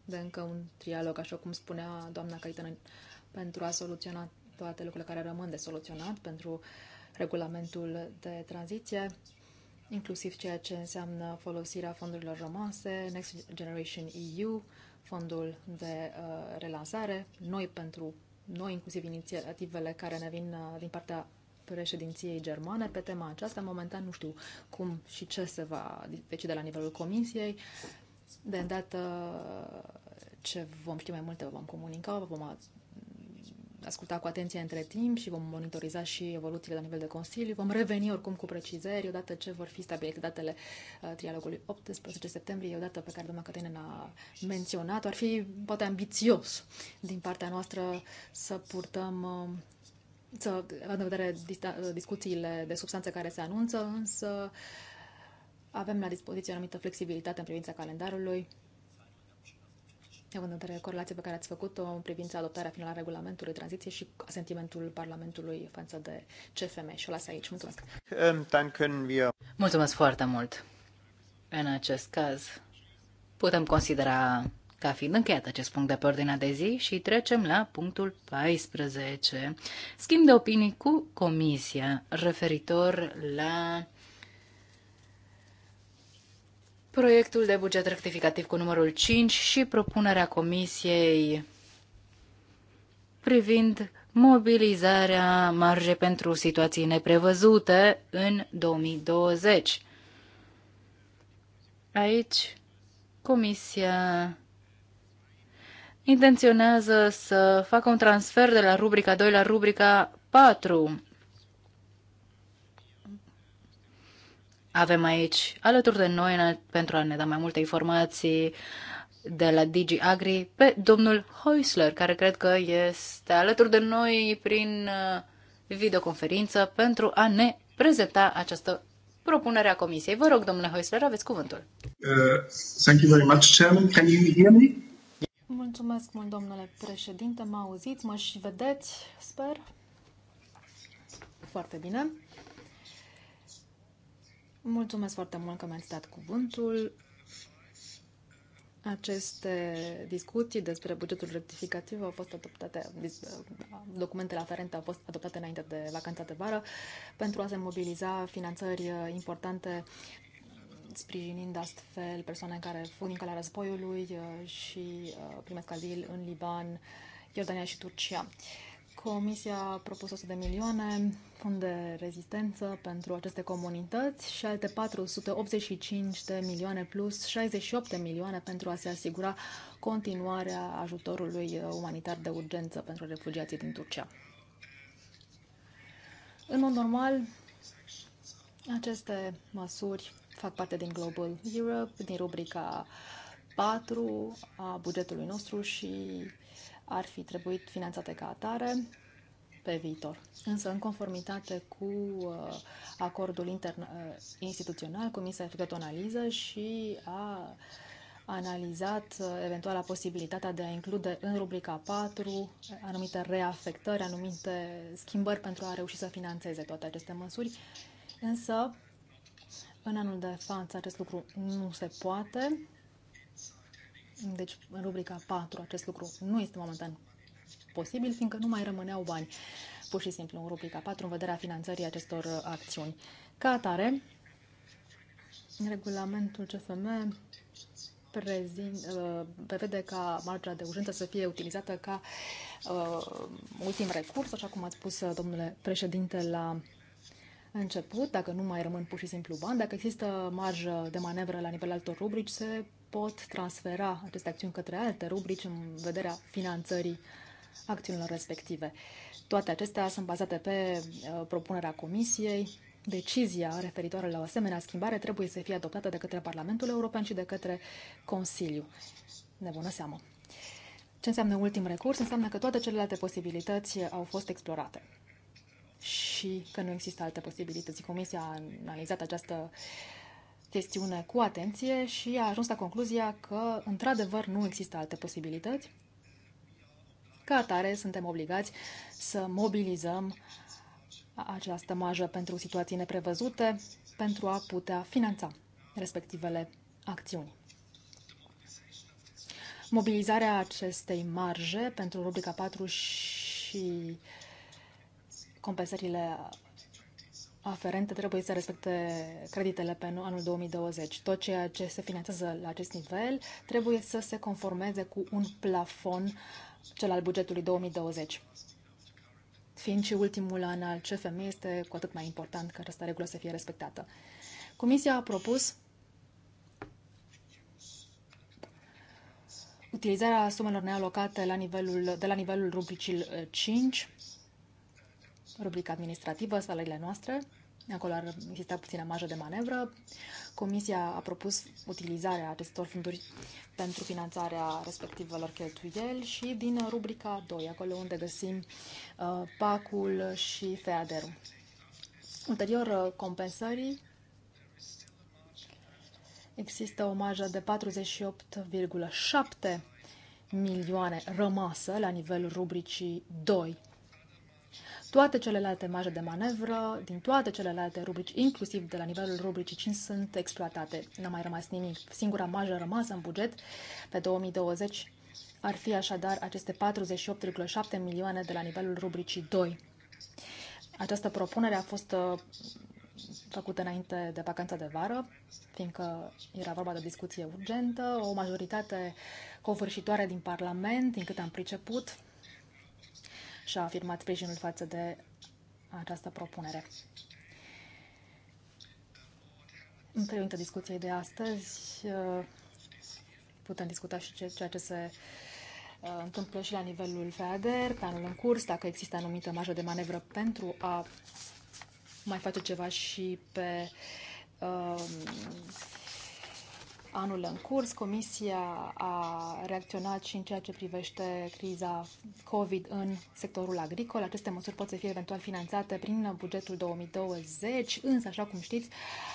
de încă un trialog, așa cum spunea doamna Caitanen, pentru a soluționa toate lucrurile care rămân de soluționat, pentru regulamentul de tranziție, inclusiv ceea ce înseamnă folosirea fondurilor rămase, Next Generation EU, fondul de uh, relansare, noi pentru noi, inclusiv inițiativele care ne vin uh, din partea președinției germane pe tema aceasta. Momentan nu știu cum și ce se va decide la nivelul comisiei. De îndată ce vom ști mai multe, vom comunica, vom asculta cu atenție între timp și vom monitoriza și evoluțiile la nivel de Consiliu. Vom reveni oricum cu precizări odată ce vor fi stabilite datele uh, trialogului 18 septembrie, o dată pe care doamna Cătăinen a menționat. Ar fi poate ambițios din partea noastră să purtăm uh, să, avem în vedere uh, discuțiile de substanțe care se anunță, însă avem la dispoziție o anumită flexibilitate în privința calendarului având în vedere corelația pe care ați făcut-o în privința adoptarea finală a regulamentului tranziție și sentimentul Parlamentului față de CFM. Și o las aici. Mulțumesc. Ehm, Mulțumesc foarte mult. În acest caz, putem considera ca fiind încheiat acest punct de pe ordinea de zi și trecem la punctul 14. Schimb de opinii cu Comisia referitor la proiectul de buget rectificativ cu numărul 5 și propunerea Comisiei privind mobilizarea marge pentru situații neprevăzute în 2020. Aici, Comisia intenționează să facă un transfer de la rubrica 2 la rubrica 4 avem aici alături de noi pentru a ne da mai multe informații de la Digi Agri pe domnul Heusler, care cred că este alături de noi prin uh, videoconferință pentru a ne prezenta această propunere a comisiei. Vă rog, domnule Heusler, aveți cuvântul. Uh, thank you very much, Chairman. Can you hear me? Mulțumesc mult, domnule președinte. Mă auziți, mă și vedeți, sper. Foarte bine. Mulțumesc foarte mult că mi-ați dat cuvântul. Aceste discuții despre bugetul rectificativ au fost adoptate, documentele aferente au fost adoptate înainte de vacanța de vară pentru a se mobiliza finanțări importante sprijinind astfel persoane care fug din calea războiului uh, și uh, primesc azil în Liban, Iordania și Turcia. Comisia a propus 100 de milioane, fond de rezistență pentru aceste comunități și alte 485 de milioane plus 68 de milioane pentru a se asigura continuarea ajutorului umanitar de urgență pentru refugiații din Turcia. În mod normal, aceste măsuri fac parte din Global Europe, din rubrica 4 a bugetului nostru și ar fi trebuit finanțate ca atare pe viitor. Însă, în conformitate cu uh, acordul intern, uh, instituțional, Comisia a făcut o analiză și a analizat uh, eventuala posibilitatea de a include în rubrica 4 anumite reafectări, anumite schimbări pentru a reuși să financeze toate aceste măsuri. Însă, în anul de față, acest lucru nu se poate deci, în rubrica 4, acest lucru nu este momentan posibil, fiindcă nu mai rămâneau bani, pur și simplu, în rubrica 4, în vederea finanțării acestor uh, acțiuni. Ca atare, regulamentul CFM prezint, uh, prevede ca marginea de urgență să fie utilizată ca uh, ultim recurs, așa cum ați spus, uh, domnule președinte, la început, dacă nu mai rămân pur și simplu bani, dacă există marjă de manevră la nivelul altor rubrici, se pot transfera aceste acțiuni către alte rubrici în vederea finanțării acțiunilor respective. Toate acestea sunt bazate pe uh, propunerea Comisiei. Decizia referitoare la o asemenea schimbare trebuie să fie adoptată de către Parlamentul European și de către Consiliu. Ne bună seamă! Ce înseamnă ultim recurs? Înseamnă că toate celelalte posibilități au fost explorate și că nu există alte posibilități. Comisia a analizat această chestiune cu atenție și a ajuns la concluzia că, într-adevăr, nu există alte posibilități. Ca atare, suntem obligați să mobilizăm această majă pentru situații neprevăzute pentru a putea finanța respectivele acțiuni. Mobilizarea acestei marje pentru rubrica 4 și uh, compensările aferente trebuie să respecte creditele pe anul 2020. Tot ceea ce se finanțează la acest nivel trebuie să se conformeze cu un plafon cel al bugetului 2020. Fiind și ultimul an al CFM, este cu atât mai important că această regulă să fie respectată. Comisia a propus utilizarea sumelor nealocate la nivelul, de la nivelul rubricii 5 rubrica administrativă, salariile noastre. Acolo ar exista puțină marjă de manevră. Comisia a propus utilizarea acestor fonduri pentru finanțarea respectivelor cheltuieli și din rubrica 2, acolo unde găsim pacul uh, PAC-ul și FEADER-ul. Ulterior uh, compensării, există o marjă de 48,7 milioane rămasă la nivelul rubricii 2 toate celelalte marje de manevră, din toate celelalte rubrici, inclusiv de la nivelul rubricii 5, sunt exploatate. N-a mai rămas nimic. Singura marjă rămasă în buget pe 2020 ar fi așadar aceste 48,7 milioane de la nivelul rubricii 2. Această propunere a fost uh, făcută înainte de vacanța de vară, fiindcă era vorba de o discuție urgentă, o majoritate covârșitoare din Parlament, din cât am priceput, și-a afirmat sprijinul față de această propunere. În perioada discuției de astăzi uh, putem discuta și ceea ce se uh, întâmplă și la nivelul FEADER, pe anul în curs, dacă există anumită marjă de manevră pentru a mai face ceva și pe uh, anul în curs. Comisia a reacționat și în ceea ce privește criza COVID în sectorul agricol. Aceste măsuri pot să fie eventual finanțate prin bugetul 2020, însă, așa cum știți,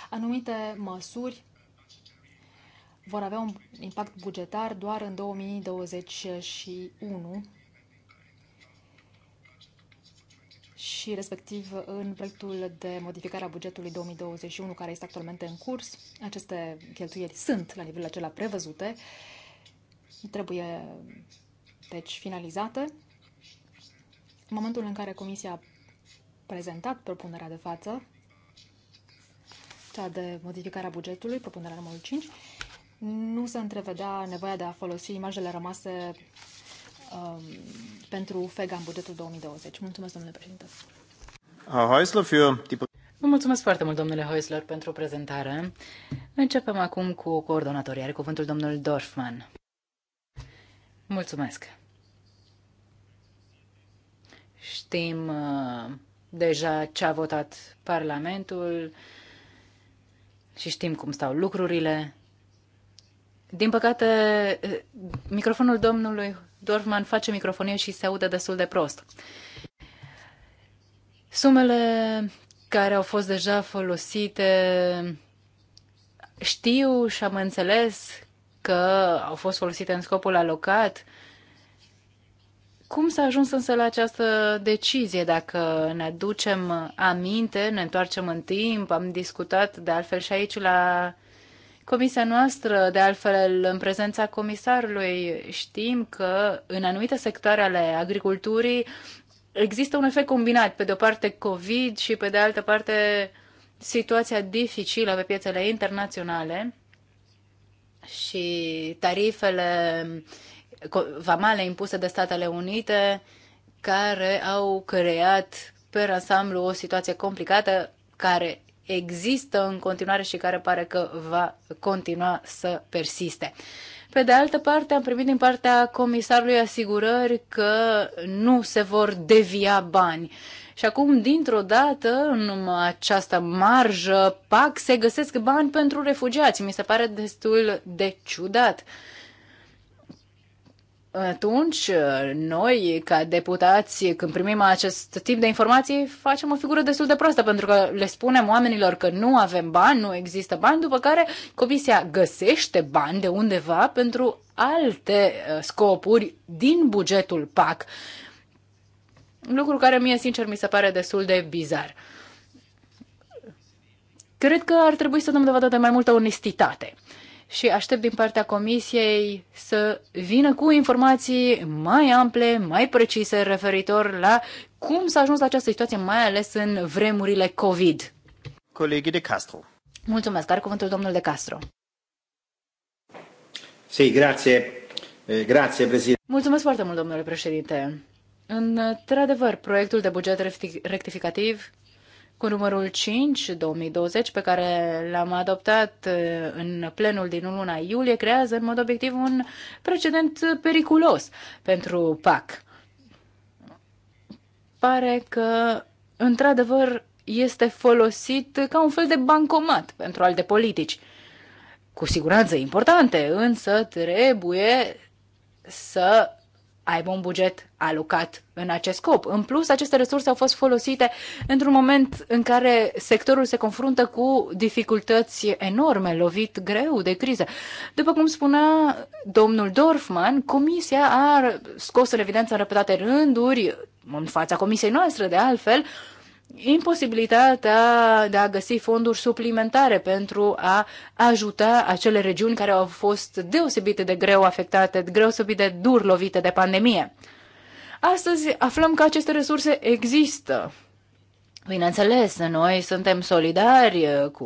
anumite măsuri vor avea un impact bugetar doar în 2021 și respectiv în proiectul de modificare a bugetului 2021 care este actualmente în curs. Aceste cheltuieli sunt la nivelul acela prevăzute, trebuie deci finalizate. În momentul în care Comisia a prezentat propunerea de față, cea de modificare a bugetului, propunerea numărul 5, nu se întrevedea nevoia de a folosi imaginele rămase Um, pentru FEGA în bugetul 2020. Mulțumesc, domnule președinte. Vă mulțumesc foarte mult, domnule Heusler, pentru prezentare. Începem acum cu coordonatorii. Are cuvântul domnul Dorfman. Mulțumesc. Știm uh, deja ce a votat Parlamentul și știm cum stau lucrurile. Din păcate, uh, microfonul domnului Dorfman face microfonie și se audă destul de prost. Sumele care au fost deja folosite știu și am înțeles că au fost folosite în scopul alocat. Cum s-a ajuns însă la această decizie? Dacă ne aducem aminte, ne întoarcem în timp, am discutat de altfel și aici la Comisia noastră, de altfel, în prezența comisarului, știm că în anumite sectoare ale agriculturii există un efect combinat, pe de o parte COVID și pe de altă parte situația dificilă pe piețele internaționale și tarifele vamale impuse de Statele Unite care au creat pe ansamblu o situație complicată care există în continuare și care pare că va continua să persiste. Pe de altă parte, am primit din partea comisarului asigurări că nu se vor devia bani. Și acum, dintr-o dată, în această marjă PAC se găsesc bani pentru refugiați. Mi se pare destul de ciudat atunci noi, ca deputați, când primim acest tip de informații, facem o figură destul de proastă, pentru că le spunem oamenilor că nu avem bani, nu există bani, după care comisia găsește bani de undeva pentru alte uh, scopuri din bugetul PAC. Lucru care mie, sincer, mi se pare destul de bizar. Cred că ar trebui să dăm dovadă de mai multă onestitate și aștept din partea Comisiei să vină cu informații mai ample, mai precise referitor la cum s-a ajuns la această situație, mai ales în vremurile COVID. Colegii de Castro. Mulțumesc. Are cuvântul domnul de Castro. Sí, grazie. Eh, grazie, președinte. Mulțumesc foarte mult, domnule președinte. Într-adevăr, proiectul de buget rectificativ cu numărul 5, 2020, pe care l-am adoptat uh, în plenul din luna iulie, creează în mod obiectiv un precedent periculos pentru PAC. Pare că, într-adevăr, este folosit ca un fel de bancomat pentru alte politici. Cu siguranță importante, însă trebuie să aibă un buget alocat în acest scop. În plus, aceste resurse au fost folosite într-un moment în care sectorul se confruntă cu dificultăți enorme, lovit greu de criză. După cum spunea domnul Dorfman, Comisia a scos în evidență în repetate rânduri, în fața Comisiei noastre de altfel, uh, imposibilitatea de a găsi fonduri suplimentare pentru a ajuta acele regiuni care au fost deosebit de greu afectate, deosebit de dur lovite de pandemie. Astăzi aflăm că aceste resurse există. Bineînțeles, noi suntem solidari cu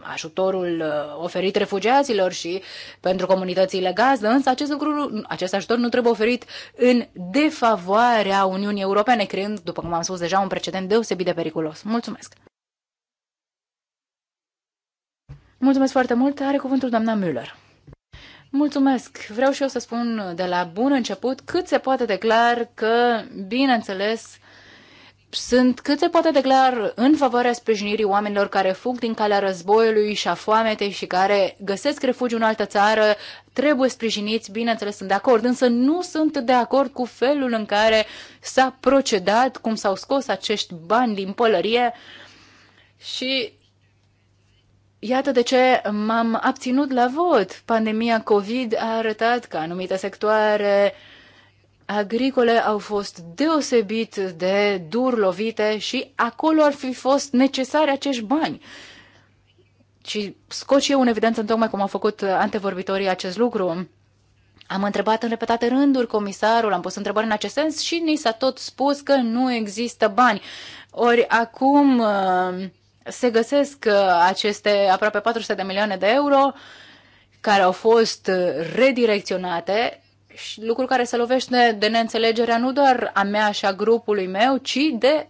ajutorul uh, oferit refugiaților și pentru comunitățile gazdă, însă acest, lucru, acest ajutor nu trebuie oferit în defavoarea Uniunii Europene, creând, după cum am spus deja, un precedent deosebit de periculos. Mulțumesc! Mulțumesc foarte mult! Are cuvântul doamna Müller. Mulțumesc! Vreau și eu să spun de la bun început cât se poate declar că, bineînțeles, sunt cât se poate declar în favoarea sprijinirii oamenilor care fug din calea războiului și a foametei și care găsesc refugiu în altă țară, trebuie sprijiniți, bineînțeles sunt de acord, însă nu sunt de acord cu felul în care s-a procedat, cum s-au scos acești bani din pălărie și Iată de ce m-am abținut la vot. Pandemia COVID a arătat că anumite sectoare uh, agricole au fost deosebit de dur lovite și acolo ar fi fost necesari acești bani. Și scot eu în evidență, tocmai cum au făcut antevorbitorii acest lucru, am întrebat în repetate rânduri comisarul, am pus întrebări în acest sens și ni s-a tot spus că nu există bani. Ori acum uh, se găsesc uh, aceste aproape 400 de milioane de euro care au fost uh, redirecționate și lucru care se lovește de neînțelegerea nu doar a mea și a grupului meu, ci de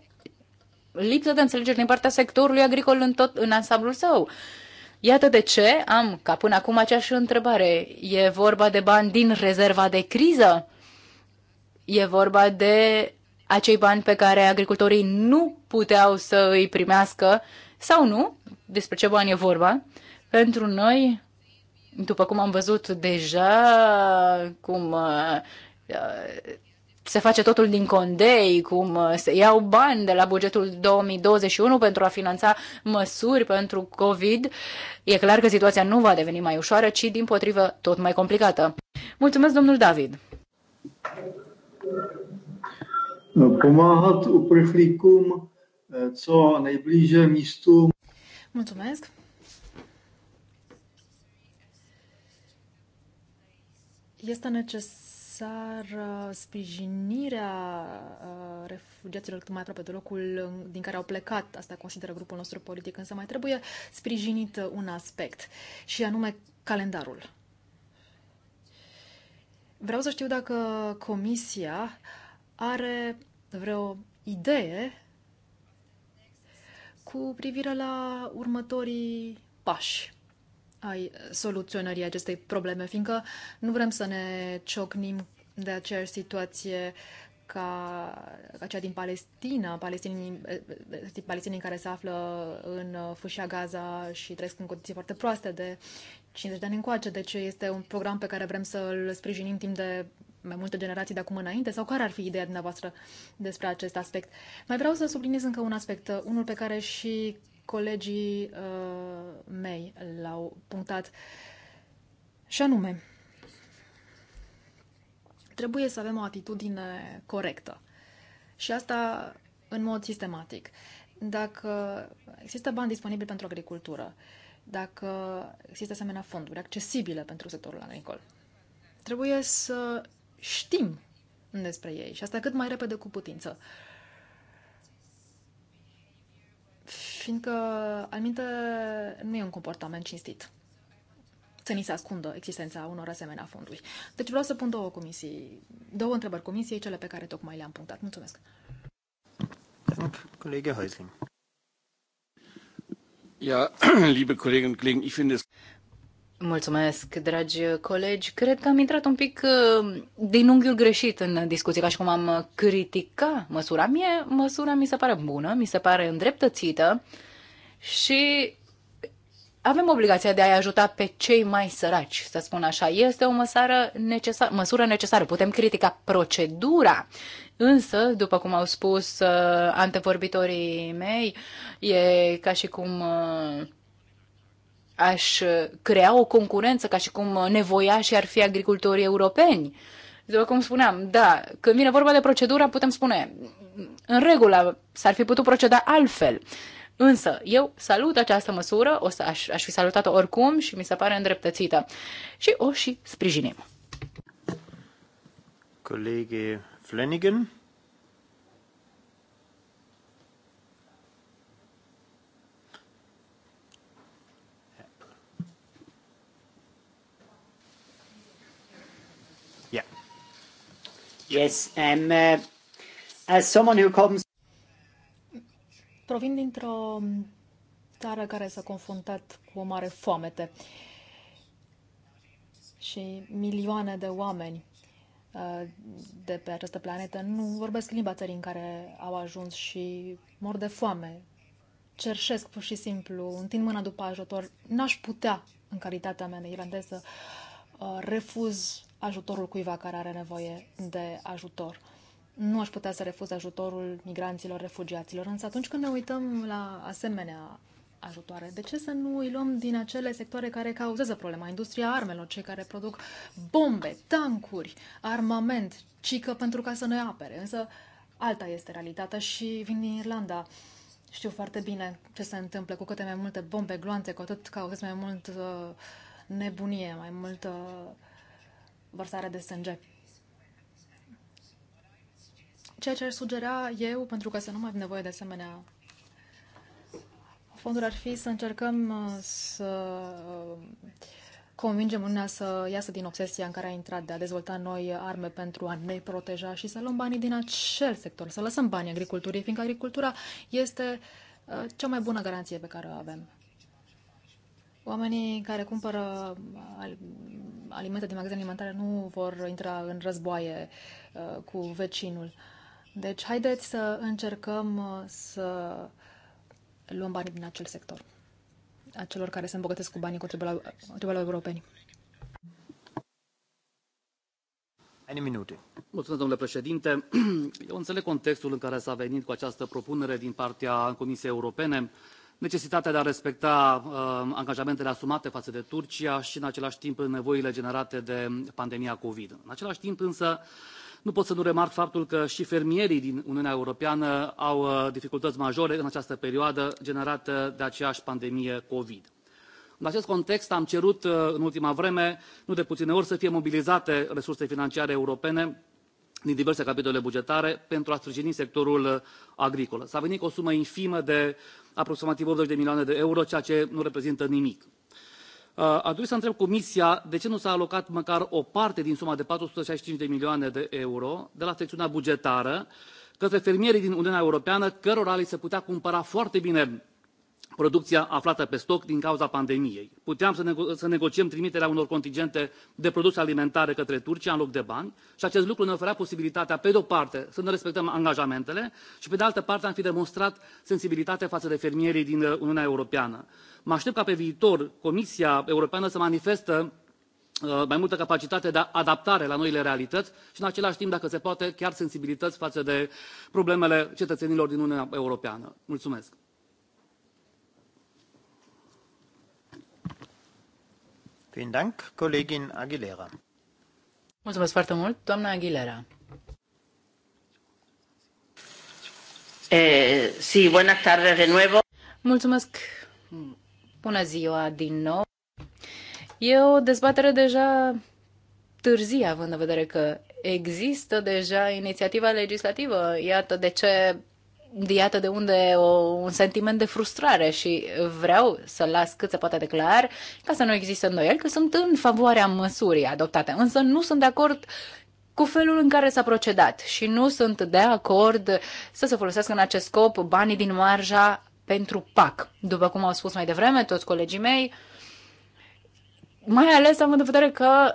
lipsă de înțelegere din partea sectorului agricol în, tot, în ansamblul său. Iată de ce am, ca până acum, aceeași întrebare. E vorba de bani din rezerva de criză? E vorba de acei bani pe care agricultorii nu puteau să îi primească sau nu? Despre ce bani e vorba? Pentru noi, după cum am văzut deja, cum uh, uh, se face totul din condei, cum uh, se iau bani de la bugetul 2021 pentru a finanța măsuri pentru COVID, e clar că situația nu va deveni mai ușoară, ci din potrivă tot mai complicată. Mulțumesc, domnul David! Pomáhat uprchlíkům co nejblíže místu. Mulțumesc! Este necesară sprijinirea uh, refugiaților cât mai aproape de locul din care au plecat, asta consideră grupul nostru politic, însă mai trebuie sprijinit un aspect, și anume calendarul. Vreau să știu dacă Comisia are vreo idee cu privire la următorii pași ai eh, soluționării acestei probleme, fiindcă nu vrem să ne ciocnim de aceeași situație ca, ca cea din Palestina, palestinii, eh, eh, palestinii care se află în fâșia Gaza și trăiesc în condiții foarte proaste de 50 de ani încoace. Deci este un program pe care vrem să-l sprijinim timp de mai multe generații de acum înainte? Sau care ar fi ideea dumneavoastră despre acest aspect? Mai vreau să subliniez încă un aspect, unul pe care și colegii uh, mei l-au punctat. Și anume, trebuie să avem o atitudine corectă. Și asta în mod sistematic. Dacă există bani disponibili pentru agricultură, dacă există asemenea fonduri accesibile pentru sectorul agricol, trebuie să știm despre ei și asta cât mai repede cu putință. Uh, fiindcă anumite nu e un comportament cinstit să ni se ascundă existența unor asemenea fonduri. Deci vreau să pun două comisii, două întrebări comisiei, cele pe care tocmai le-am punctat. Mulțumesc. Colegă Häusling. Ja, liebe Kolleginnen und Kollegen, ich finde es Mulțumesc, dragi colegi. Cred că am intrat un pic uh, din unghiul greșit în discuție, ca și cum am critica măsura. Mie măsura mi se pare bună, mi se pare îndreptățită și avem obligația de a-i ajuta pe cei mai săraci, să spun așa. Este o măsură necesar, măsură necesară. Putem critica procedura, însă, după cum au spus uh, antevorbitorii mei, e ca și cum... Uh, aș uh, crea o concurență ca și cum uh, nevoia și ar fi agricultorii europeni. După cum spuneam, da, când vine vorba de procedură, putem spune, în regulă, s-ar fi putut proceda altfel. Însă, eu salut această măsură, o să, aș, aș fi salutat-o oricum și mi se pare îndreptățită. Și o și sprijinim. Colegi Flanagan. Yes, I'm, uh, as someone who comes... Provin dintr-o țară care s-a confruntat cu o mare foamete și milioane de oameni uh, de pe această planetă nu vorbesc limba țării în care au ajuns și mor de foame. Cerșesc pur și simplu, întind mâna după ajutor. N-aș putea, în calitatea mea de irlandeză, uh, refuz ajutorul cuiva care are nevoie de ajutor. Nu aș putea să refuz ajutorul migranților, refugiaților, însă atunci când ne uităm la asemenea ajutoare, de ce să nu îi luăm din acele sectoare care cauzează problema? Industria armelor, cei care produc bombe, tancuri, armament, cică pentru ca să ne apere. Însă alta este realitatea și vin din Irlanda. Știu foarte bine ce se întâmplă cu câte mai multe bombe gloanțe, cu atât cauzez mai mult uh, nebunie, mai mult uh, vărsare de sânge. Ceea ce aș sugera eu, pentru că să nu mai avem nevoie de asemenea fonduri, ar fi să încercăm uh, să uh, convingem Uniunea să iasă din obsesia în care a intrat de a dezvolta noi arme pentru a ne proteja și să luăm banii din acel sector, să lăsăm banii agriculturii, fiindcă agricultura este uh, cea mai bună garanție pe care o avem. Oamenii care cumpără uh, alimente din magazin alimentare nu vor intra în războaie uh, cu vecinul. Deci, haideți să încercăm uh, să luăm bani din acel sector, a celor care se îmbogătesc cu banii contribuabililor europeni. Mulțumesc, domnule președinte eu înțeleg contextul în care s a venit cu această propunere din partea comisiei europene necesitatea de a respecta uh, angajamentele asumate față de turcia și în același timp nevoile generate de pandemia covid. în același timp însă nu pot să nu remarc faptul că și fermierii din uniunea europeană au uh, dificultăți majore în această perioadă generată de aceeași pandemie covid. în acest context am cerut uh, în ultima vreme nu de puține ori să fie mobilizate resurse financiare europene din diverse capitole bugetare pentru a sprijini sectorul uh, agricol. s a venit cu o sumă infimă de aproximativ 80 de milioane de euro, ceea ce nu reprezintă nimic. Uh, aș dori să întreb Comisia de ce nu s-a alocat măcar o parte din suma de 465 de milioane de euro de la secțiunea bugetară către fermierii din Uniunea Europeană, cărora li se putea cumpăra foarte bine producția aflată pe stoc din cauza pandemiei. Puteam să, nego să negociem trimiterea unor contingente de produse alimentare către Turcia în loc de bani și acest lucru ne oferea posibilitatea, pe de o parte, să ne respectăm angajamentele și, pe de altă parte, am fi demonstrat sensibilitate față de fermierii din uh, Uniunea Europeană. Mă aștept ca pe viitor Comisia Europeană să manifestă uh, mai multă capacitate de adaptare la noile realități și în același timp, dacă se poate, chiar sensibilități față de problemele cetățenilor din Uniunea Europeană. Mulțumesc! Mulțumesc foarte mult, doamna Aguilera. Eh, sí, buenas tardes de nuevo. Mulțumesc. Bună ziua din nou. E o dezbatere deja târzie, având în vedere că există deja inițiativa legislativă. Iată de ce iată de unde o, un sentiment de frustrare și vreau să las cât se poate declar ca să nu există îndoieli că sunt în favoarea măsurii adoptate, însă nu sunt de acord cu felul în care s-a procedat și nu sunt de acord să se folosească în acest scop banii din marja pentru PAC. După cum au spus mai devreme toți colegii mei, mai ales am în vedere că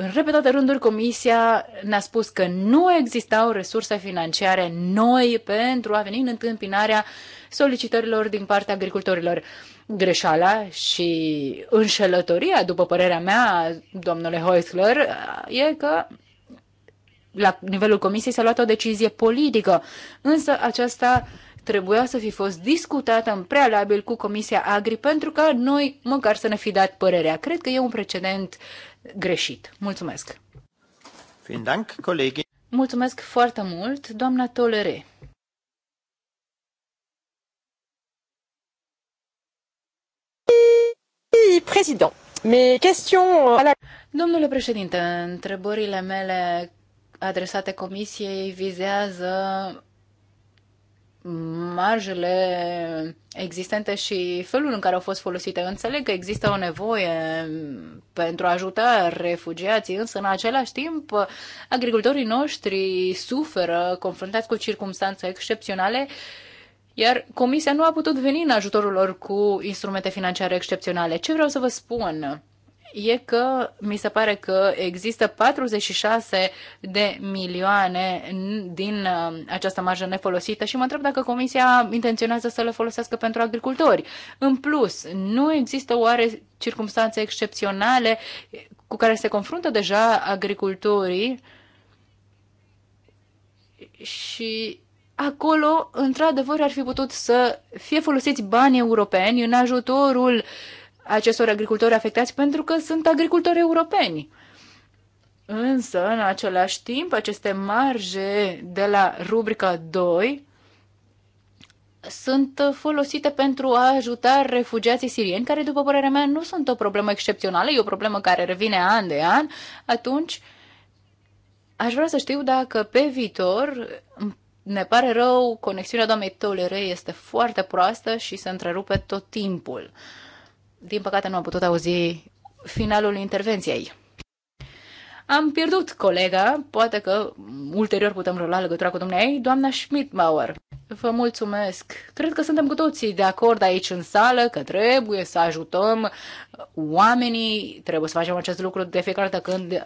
în repetate rânduri, Comisia ne-a spus că nu existau resurse financiare noi pentru a veni în întâmpinarea solicitărilor din partea agricultorilor. Greșala și înșelătoria, după părerea mea, domnule Heusler, e că la nivelul Comisiei s-a luat o decizie politică, însă aceasta trebuia să fi fost discutată în prealabil cu Comisia Agri pentru ca noi măcar să ne fi dat părerea. Cred că e un precedent uh, greșit. Mulțumesc! Dank, colegi. Mulțumesc foarte mult, doamna Tolere. Président, mes questions... Domnule președinte, întrebările mele adresate comisiei vizează marjele existente și felul în care au fost folosite. Înțeleg că există o nevoie pentru a ajuta refugiații, însă în același timp agricultorii noștri suferă confruntați cu circunstanțe excepționale iar Comisia nu a putut veni în ajutorul lor cu instrumente financiare excepționale. Ce vreau să vă spun? e că mi se pare că există 46 de milioane din uh, această marjă nefolosită și mă întreb dacă Comisia intenționează să le folosească pentru agricultori. În plus, nu există oare circunstanțe excepționale cu care se confruntă deja agricultorii și acolo, într-adevăr, ar fi putut să fie folosiți bani europeni în ajutorul acestor agricultori afectați pentru că sunt agricultori europeni. Însă, în același timp, aceste marje de la rubrica 2 sunt folosite pentru a ajuta refugiații sirieni, care, după părerea mea, nu sunt o problemă excepțională, e o problemă care revine an de an, atunci aș vrea să știu dacă pe viitor, ne pare rău, conexiunea doamnei Tolere este foarte proastă și se întrerupe tot timpul. Uh, din păcate nu am putut auzi finalul intervenției. Am pierdut colega, poate că ulterior putem lua legătura cu dumneai, doamna Schmidtmauer. Vă mulțumesc. Cred că suntem cu toții de acord aici în sală că trebuie să ajutăm oamenii, trebuie să facem acest lucru de fiecare dată când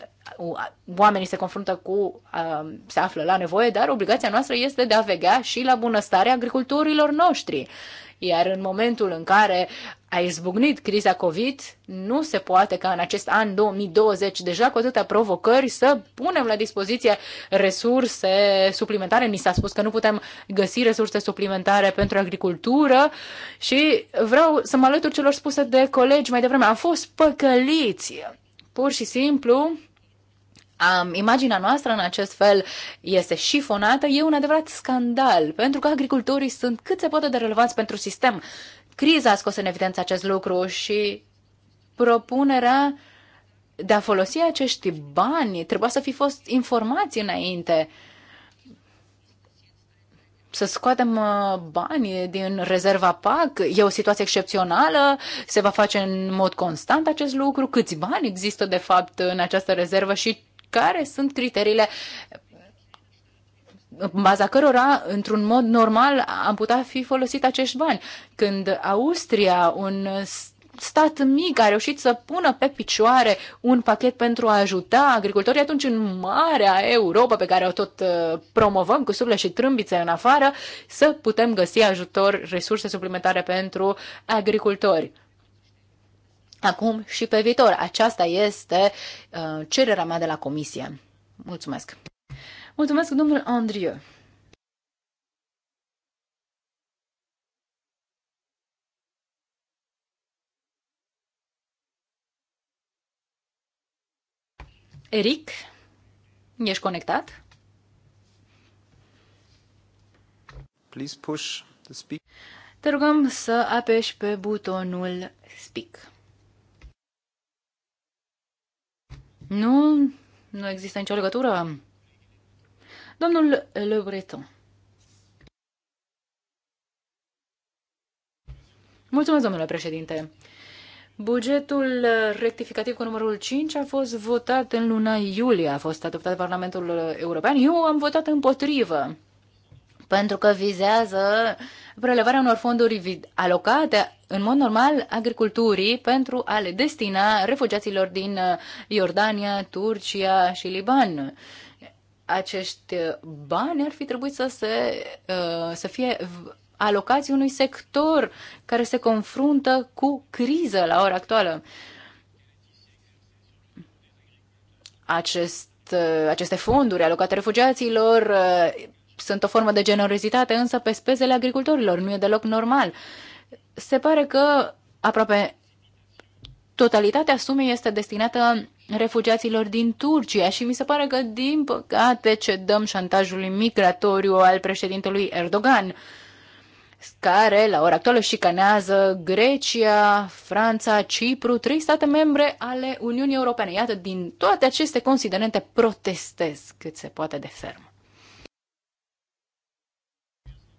oamenii se confruntă cu, um, se află la nevoie, dar obligația noastră este de a vegea și la bunăstarea agricultorilor noștri. Iar în momentul în care a izbucnit criza COVID, nu se poate ca în acest an 2020, deja cu atâtea provocări, să punem la dispoziție resurse suplimentare. Ni s-a spus că nu putem găsi resurse suplimentare pentru agricultură și vreau să mă alătur celor spuse de colegi mai devreme. Am fost păcăliți, pur și simplu, um, imaginea noastră în acest fel este șifonată, e un adevărat scandal, pentru că agricultorii sunt cât se poate de relevanți pentru sistem. Criza a scos în evidență acest lucru și propunerea de a folosi acești bani trebuia să fi fost informați înainte să scoatem uh, bani din rezerva PAC. E o situație excepțională, se va face în mod constant acest lucru, câți bani există de fapt în această rezervă și care sunt criteriile în baza cărora, într-un mod normal, am putea fi folosit acești bani. Când Austria, un stat mic a reușit să pună pe picioare un pachet pentru a ajuta agricultorii, atunci în marea Europa pe care o tot uh, promovăm cu surle și trâmbițe în afară, să putem găsi ajutor, resurse suplimentare pentru agricultori acum și pe viitor. Aceasta este uh, cererea mea de la comisie. Mulțumesc! Mulțumesc, domnul Andrieu! Eric, ești conectat? Please push the speak. Te rugăm să apeși pe butonul speak. Nu, nu există nicio legătură. Domnul Le Breton. Mulțumesc, domnule președinte. Bugetul rectificativ cu numărul 5 a fost votat în luna iulie, a fost adoptat Parlamentul European. Eu am votat împotrivă pentru că vizează prelevarea unor fonduri alocate în mod normal agriculturii pentru a le destina refugiaților din uh, Iordania, Turcia și Liban. Acești uh, bani ar fi trebuit să, se, uh, să fie alocați unui sector care se confruntă cu criză la ora actuală. Acest, aceste fonduri alocate refugiaților sunt o formă de generozitate, însă pe spezele agricultorilor. Nu e deloc normal. Se pare că aproape totalitatea sumei este destinată refugiaților din Turcia și mi se pare că, din păcate, cedăm șantajului migratoriu al președintelui Erdogan, care, la ora actuală, șicanează Grecia, Franța, Cipru, trei state membre ale Uniunii Europene. Iată, din toate aceste considerente protestez cât se poate de ferm.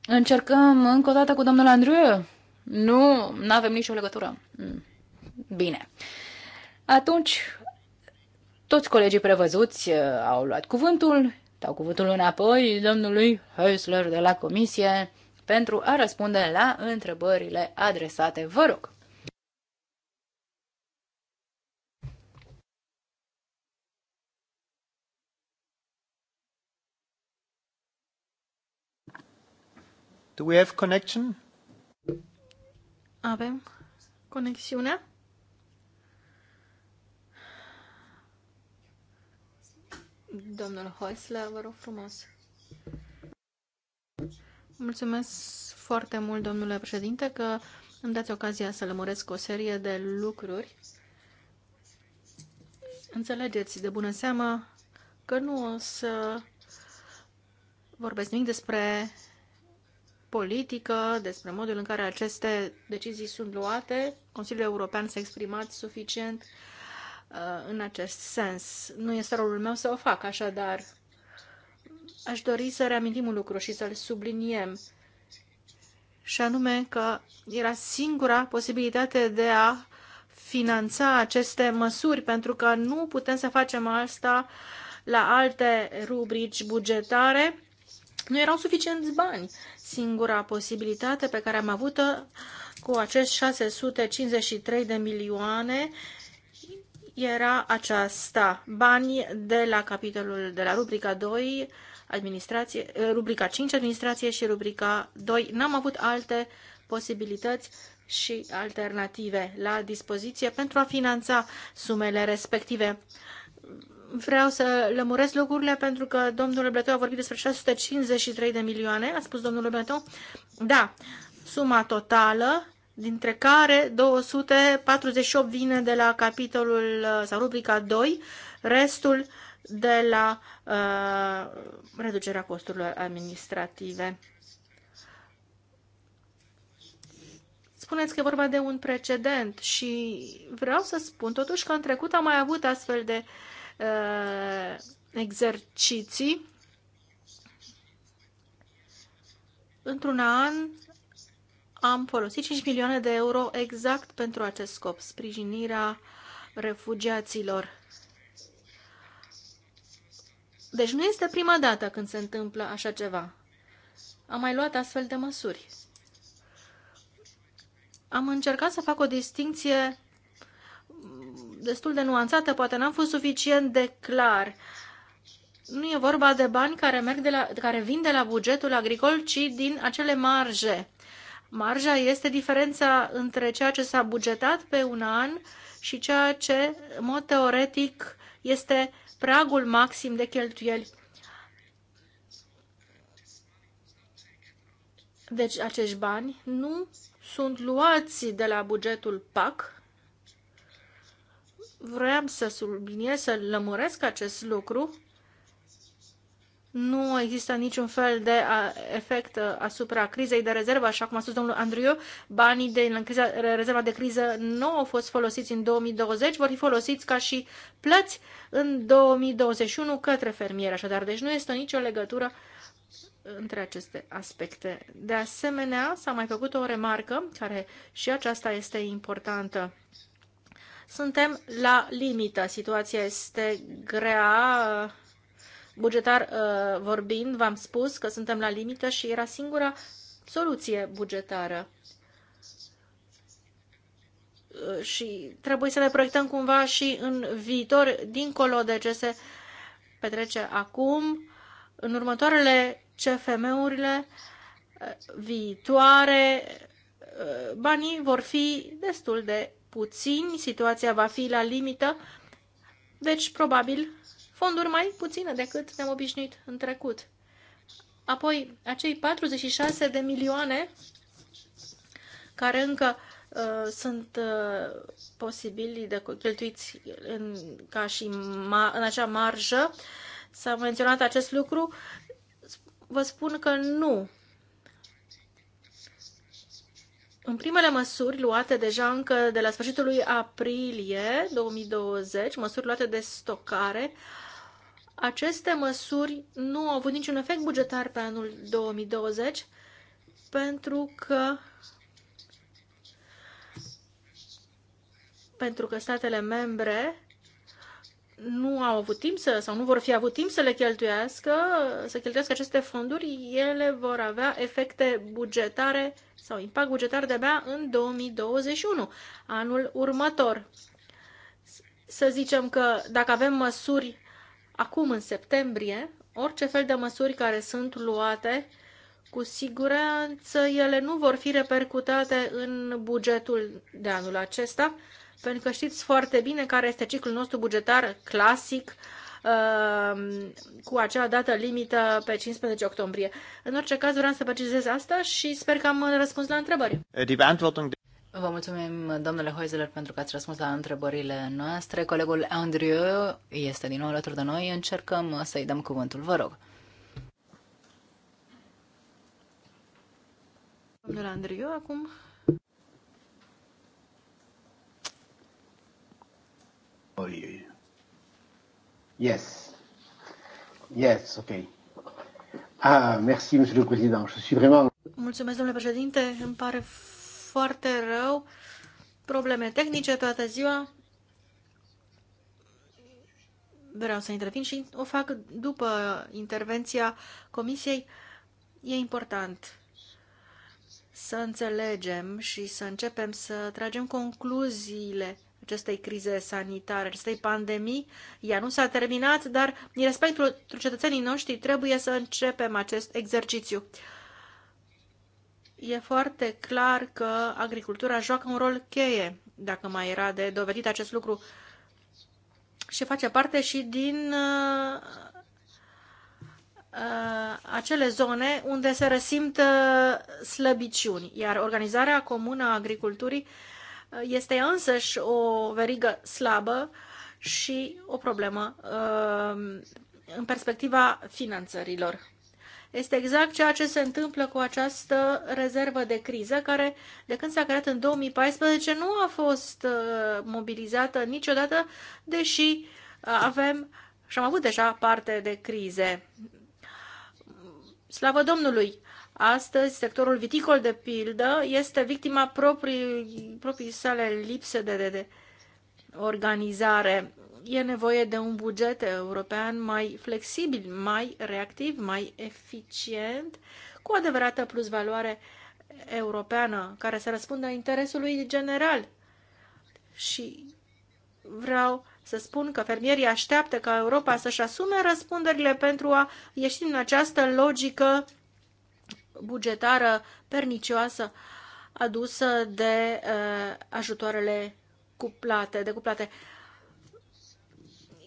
Încercăm încă o dată cu domnul Andrew? Nu, nu avem nicio legătură. Mm. Bine. Atunci, toți colegii prevăzuți uh, au luat cuvântul, dau cuvântul înapoi domnului Heusler de la comisie pentru a răspunde la întrebările adresate. Vă rog. Do we have connection? Avem conexiunea? Domnul Heusler, vă rog frumos. Mulțumesc foarte mult, domnule președinte, că îmi dați ocazia să lămuresc o serie de lucruri. Înțelegeți de bună seamă că nu o să vorbesc nimic despre politică despre modul în care aceste decizii sunt luate. Consiliul European s-a exprimat suficient uh, în acest sens. Nu este rolul meu să o fac, așadar aș dori să reamintim un lucru și să-l subliniem, și anume că era singura posibilitate de a finanța aceste măsuri, pentru că nu putem să facem asta la alte rubrici bugetare nu erau suficienți bani. Singura posibilitate pe care am avut-o cu acești 653 de milioane era aceasta, bani de la capitolul, de la rubrica 2, administrație, rubrica 5, administrație și rubrica 2. N-am avut alte posibilități și alternative la dispoziție pentru a finanța sumele respective vreau să lămuresc lucrurile pentru că domnul Breton a vorbit despre 653 de milioane, a spus domnul Breton. Da, suma totală, dintre care 248 vine de la capitolul uh, sau rubrica 2, restul de la uh, reducerea costurilor administrative. Spuneți că e vorba de un precedent și vreau să spun totuși că în trecut am mai avut astfel de uh, Uh, exerciții. Într-un an am folosit 5 milioane de euro exact pentru acest scop, sprijinirea refugiaților. Deci nu este prima dată când se întâmplă așa ceva. Am mai luat astfel de măsuri. Am încercat să fac o distinție destul de nuanțată, poate n-am fost suficient de clar. Nu e vorba de bani care, merg de la, care vin de la bugetul agricol, ci din acele marje. Marja este diferența între ceea ce s-a bugetat pe un an și ceea ce, în mod teoretic, este pragul maxim de cheltuieli. Deci acești bani nu sunt luați de la bugetul PAC, vreau să subliniez, să lămuresc acest lucru. Nu există niciun fel de efect uh, asupra crizei de rezervă, așa cum a spus domnul Andriu. Banii criza rezerva de criză nu au fost folosiți în 2020, vor fi folosiți ca și plăți în 2021 către fermieri, așadar. Deci nu este nicio legătură între aceste aspecte. De asemenea, s-a mai făcut o remarcă, care și aceasta este importantă. Suntem la limită, situația este grea, bugetar uh, vorbind, v-am spus că suntem la limită și era singura soluție bugetară. Uh, și trebuie să ne proiectăm cumva și în viitor, dincolo de ce se petrece acum, în următoarele CFM-urile uh, viitoare, banii vor fi destul de puțini, situația va fi la limită, deci probabil fonduri mai puține decât ne-am obișnuit în trecut. Apoi, acei 46 de milioane care încă uh, sunt uh, posibili de cheltuiți în, ca și ma- în acea marjă, s-a menționat acest lucru, vă spun că nu în primele măsuri luate deja încă de la sfârșitul lui aprilie 2020, măsuri luate de stocare, aceste măsuri nu au avut niciun efect bugetar pe anul 2020 pentru că pentru că statele membre nu au avut timp să, sau nu vor fi avut timp să le cheltuiască, să cheltuiască aceste fonduri, ele vor avea efecte bugetare sau impact bugetar de-abia în 2021, anul următor. Să zicem că dacă avem măsuri acum în septembrie, orice fel de măsuri care sunt luate, cu siguranță ele nu vor fi repercutate în bugetul de anul acesta, pentru că știți foarte bine care este ciclul nostru bugetar clasic uh, cu acea dată limită pe 15 octombrie. În orice caz, vreau să precizez asta și sper că am răspuns la întrebări. Eh, Vă mulțumim, domnule Hoizeler, pentru că ați răspuns la întrebările noastre. Colegul Andrew este din nou alături de noi. Încercăm să-i dăm cuvântul. Vă rog. Domnule Andrew, acum for you. Yes. Yes, ok. Ah, merci, monsieur le président. Je suis vraiment... Mulțumesc, domnule președinte. Îmi pare foarte rău. Probleme tehnice toată ziua. Vreau să intervin și o fac după intervenția comisiei. E important să înțelegem și să începem să tragem concluziile acestei crize sanitare, acestei pandemii. Ea nu s-a terminat, dar din respectul cetățenii noștri trebuie să începem acest exercițiu. E foarte clar că agricultura joacă un rol cheie, dacă mai era de dovedit acest lucru, și face parte și din uh, uh, acele zone unde se resimt uh, slăbiciuni, iar organizarea comună a agriculturii este însăși o verigă slabă și o problemă um, în perspectiva finanțărilor. Este exact ceea ce se întâmplă cu această rezervă de criză, care de când s-a creat în 2014 nu a fost uh, mobilizată niciodată, deși uh, avem și am avut deja parte de crize. Slavă Domnului! Astăzi, sectorul viticol, de pildă, este victima proprii, proprii sale lipse de, de, de organizare. E nevoie de un buget european mai flexibil, mai reactiv, mai eficient, cu adevărată plusvaloare europeană, care să răspundă interesului general. Și vreau să spun că fermierii așteaptă ca Europa să-și asume răspunderile pentru a ieși din această logică bugetară pernicioasă adusă de uh, ajutoarele cuplate, decuplate.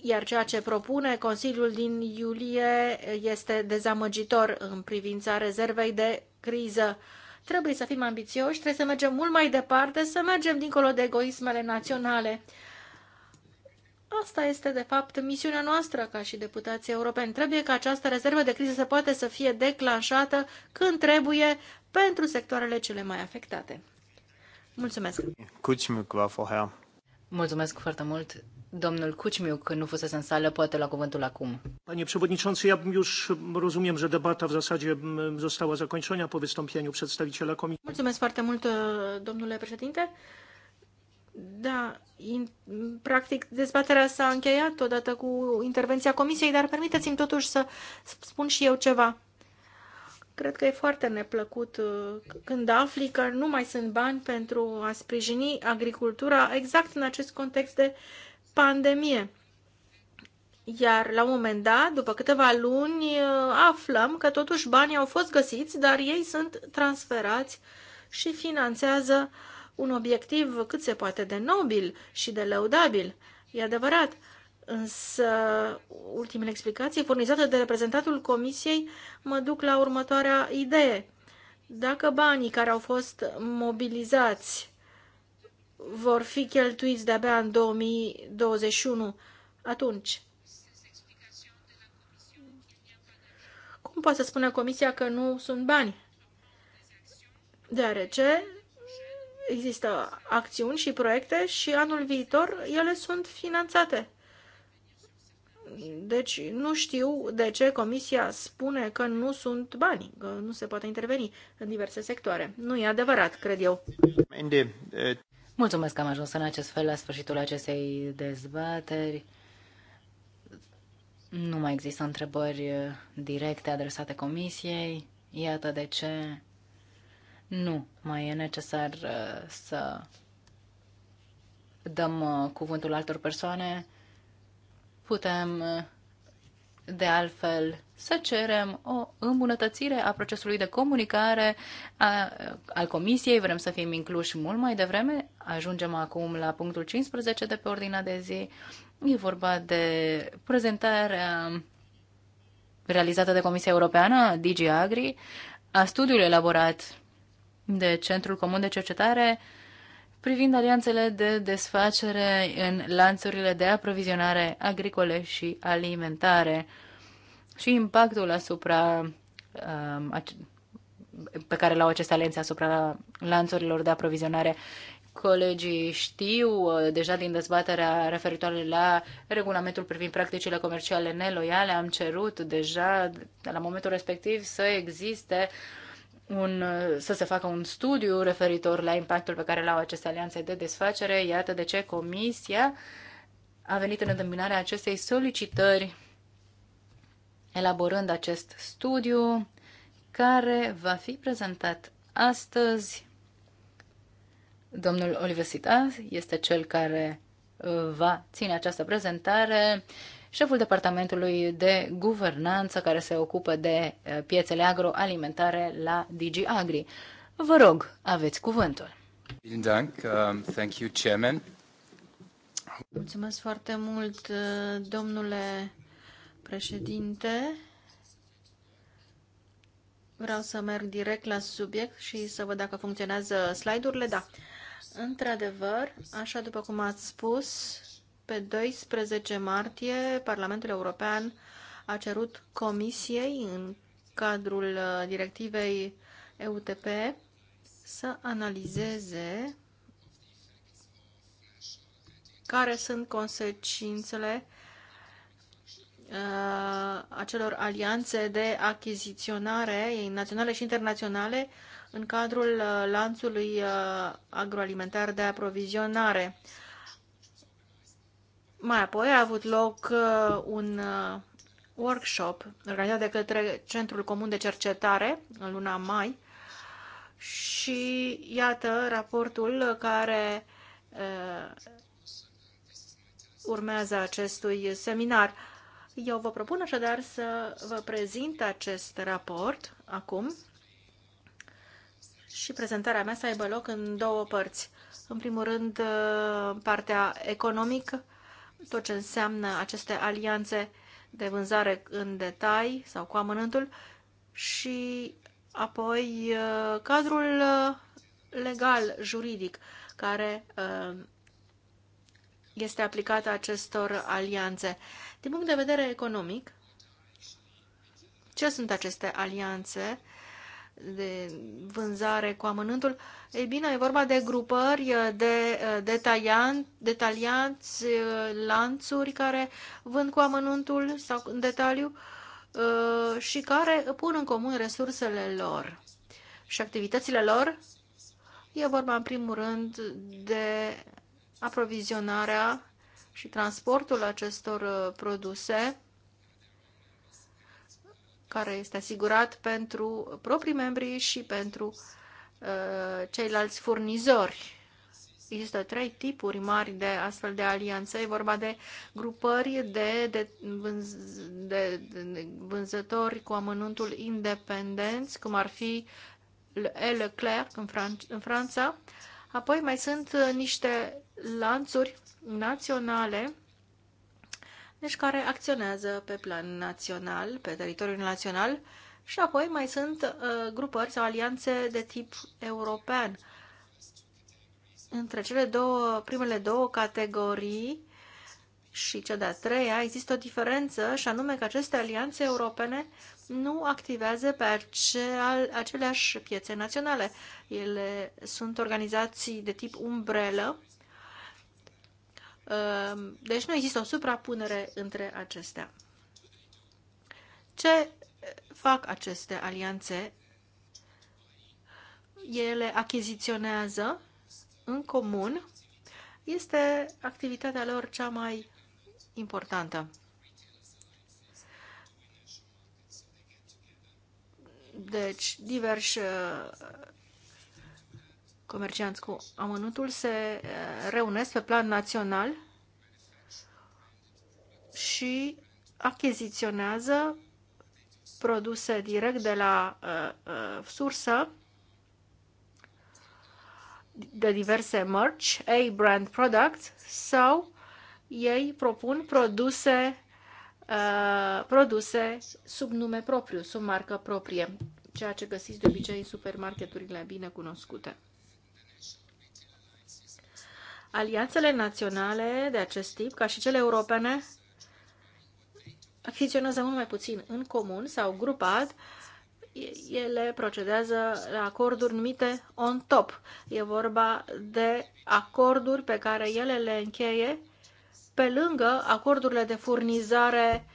Iar ceea ce propune Consiliul din iulie este dezamăgitor în privința rezervei de criză. Trebuie să fim ambițioși, trebuie să mergem mult mai departe, să mergem dincolo de egoismele naționale. Uh, Asta este, de fapt, misiunea noastră ca și deputații europeni. Trebuie ca această rezervă de criză să poate să fie declanșată când trebuie pentru sectoarele cele mai afectate. Mulțumesc! Kuciumiuk va Mulțumesc foarte mult! Domnul când nu fusese în sală, poate la cuvântul acum. Panie przewodniczący, ja już rozumiem, że debata w zasadzie została zakończona po wystąpieniu przedstawiciela komisji. Mulțumesc foarte mult, domnule președinte! Da, in, practic dezbaterea s-a încheiat odată cu intervenția comisiei, dar permiteți-mi totuși să spun și eu ceva. Cred că e foarte neplăcut uh, când afli că nu mai sunt bani pentru a sprijini agricultura exact în acest context de pandemie. Iar la un moment dat, după câteva luni, uh, aflăm că totuși banii au fost găsiți, dar ei sunt transferați și finanțează uh, un obiectiv cât se poate de nobil și de lăudabil, e adevărat, însă ultimele explicații furnizate de reprezentantul Comisiei mă duc la următoarea idee. Dacă banii care au fost mobilizați vor fi cheltuiți de-abia în 2021, atunci cum poate să spună Comisia că nu sunt bani? Deoarece există acțiuni și proiecte și anul viitor ele sunt finanțate. Deci nu știu de ce Comisia spune că nu sunt bani, că nu se poate interveni în diverse sectoare. Nu e adevărat, cred eu. Mulțumesc că am ajuns în acest fel la sfârșitul acestei dezbateri. Nu mai există întrebări directe adresate Comisiei. Iată de ce nu mai e necesar uh, să dăm uh, cuvântul altor persoane. Putem, uh, de altfel, să cerem o îmbunătățire a procesului de comunicare a, al Comisiei. Vrem să fim incluși mult mai devreme. Ajungem acum la punctul 15 de pe ordinea de zi. E vorba de prezentarea realizată de Comisia Europeană, DG Agri, a studiului elaborat de Centrul Comun de Cercetare privind alianțele de desfacere în lanțurile de aprovizionare agricole și alimentare și impactul asupra um, pe care l-au aceste alianțe asupra lanțurilor de aprovizionare. Colegii știu uh, deja din dezbaterea referitoare la regulamentul privind practicile comerciale neloiale, am cerut deja la momentul respectiv să existe uh, un, uh, să se facă un studiu referitor la impactul pe care l-au aceste alianțe de desfacere. Iată de ce Comisia a venit în întâmpinarea acestei solicitări elaborând acest studiu care va fi prezentat astăzi. Domnul Oliver Sita este cel care uh, va ține această prezentare șeful departamentului de guvernanță care se ocupă de eh, piețele agroalimentare la DG Agri. Vă rog, aveți cuvântul. Um, Mulțumesc foarte mult, eh, domnule președinte. Vreau să merg direct la subiect și să văd dacă funcționează slide-urile. Da. Într-adevăr, așa după cum ați spus, pe 12 martie, Parlamentul European a cerut Comisiei, în cadrul uh, directivei EUTP, să analizeze care sunt consecințele uh, acelor alianțe de achiziționare naționale și internaționale în cadrul uh, lanțului uh, agroalimentar de aprovizionare. Mai apoi a avut loc uh, un uh, workshop organizat de către Centrul Comun de Cercetare în luna mai și iată raportul care uh, urmează acestui seminar. Eu vă propun așadar să vă prezint acest raport acum și prezentarea mea să aibă loc în două părți. În primul rând, partea economică tot ce înseamnă aceste alianțe de vânzare în detai sau cu amănântul și apoi uh, cadrul uh, legal, juridic, care uh, este aplicat acestor alianțe. Din punct de vedere economic, ce sunt aceste alianțe? de vânzare cu amănântul. Ei bine, e vorba de grupări de detalianți, lanțuri care vând cu amănântul sau în detaliu și care pun în comun resursele lor și activitățile lor. E vorba, în primul rând, de aprovizionarea și transportul acestor produse care este asigurat pentru proprii membri și pentru uh, ceilalți furnizori. Există trei tipuri mari de astfel de alianțe. E vorba de grupări de, de, vânz, de, de vânzători cu amănuntul independenți, cum ar fi Leclerc în, Fran- în Franța. Apoi mai sunt uh, niște lanțuri naționale deci care acționează pe plan național, pe teritoriul național și apoi mai sunt uh, grupări sau alianțe de tip european. Între cele două, primele două categorii și cea de-a treia există o diferență și anume că aceste alianțe europene nu activează pe aceleași piețe naționale. Ele sunt organizații de tip umbrelă Ehm, deci nu există o suprapunere între acestea. Ce fac aceste alianțe? Ele achiziționează în comun. Este activitatea lor cea mai importantă. Deci, diversi comercianți cu amănuntul se eh, reunesc pe plan național și achiziționează produse direct de la uh, uh, sursă de diverse merch, A-brand products sau ei propun produse, uh, produse sub nume propriu, sub marcă proprie, ceea ce găsiți de obicei în supermarketurile bine cunoscute. Alianțele naționale de acest tip, ca și cele europene, acționează mult mai puțin în comun sau grupat, ele procedează la acorduri numite on top. E vorba de acorduri pe care ele le încheie pe lângă acordurile de furnizare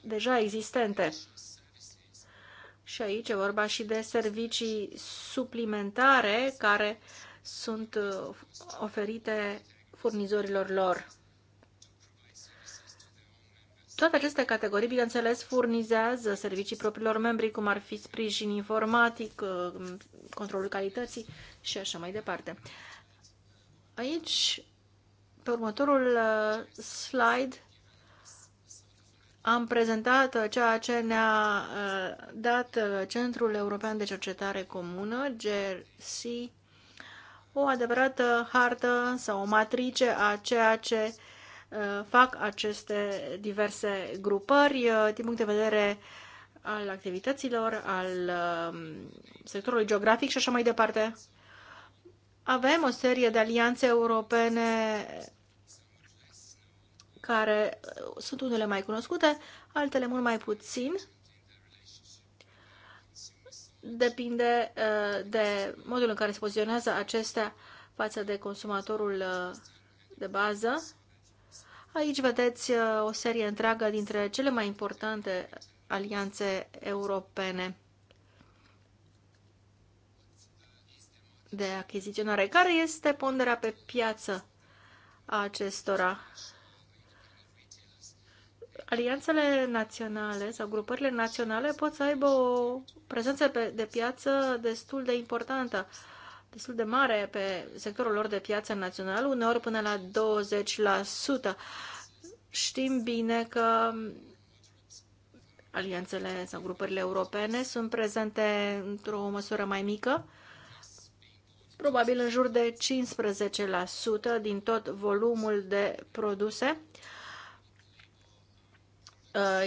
deja existente. Și aici e vorba și de servicii suplimentare care uh, sunt uh, oferite furnizorilor lor. Toate aceste categorii, bineînțeles, furnizează servicii propriilor membri, cum ar fi sprijin informatic, uh, controlul calității și așa mai departe. Aici, pe următorul uh, slide, am prezentat ceea ce ne-a dat Centrul European de Cercetare Comună, GRC, o adevărată hartă sau o matrice a ceea ce uh, fac aceste diverse grupări uh, din punct de vedere al activităților, al um, sectorului geografic și așa mai departe. Avem o serie de alianțe europene care uh, sunt unele mai cunoscute, altele mult mai puțin depinde uh, de modul în care se poziționează acestea față de consumatorul uh, de bază. Aici vedeți uh, o serie întreagă dintre cele mai importante alianțe europene de achiziționare. Care este ponderea pe piață a acestora? alianțele naționale sau grupările naționale pot să aibă o prezență pe, de piață destul de importantă, destul de mare pe sectorul lor de piață național, uneori până la 20%. Știm bine că alianțele sau grupările europene sunt prezente într-o măsură mai mică, probabil în jur de 15% din tot volumul de produse. Uh,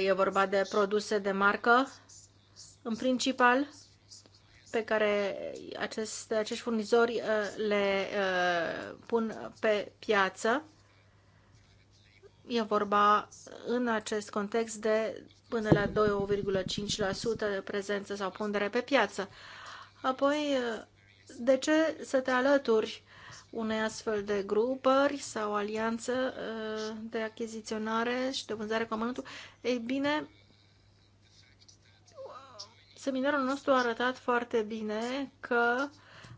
E vorba de produse de marcă, în principal, pe care acest, acești furnizori uh, le uh, pun pe piață. E vorba în acest context de până la 2,5% de prezență sau pondere pe piață. Apoi, uh, de ce să te alături unei astfel de grupări sau alianță uh, de achiziționare și de vânzare cu ei bine, seminarul nostru a arătat foarte bine că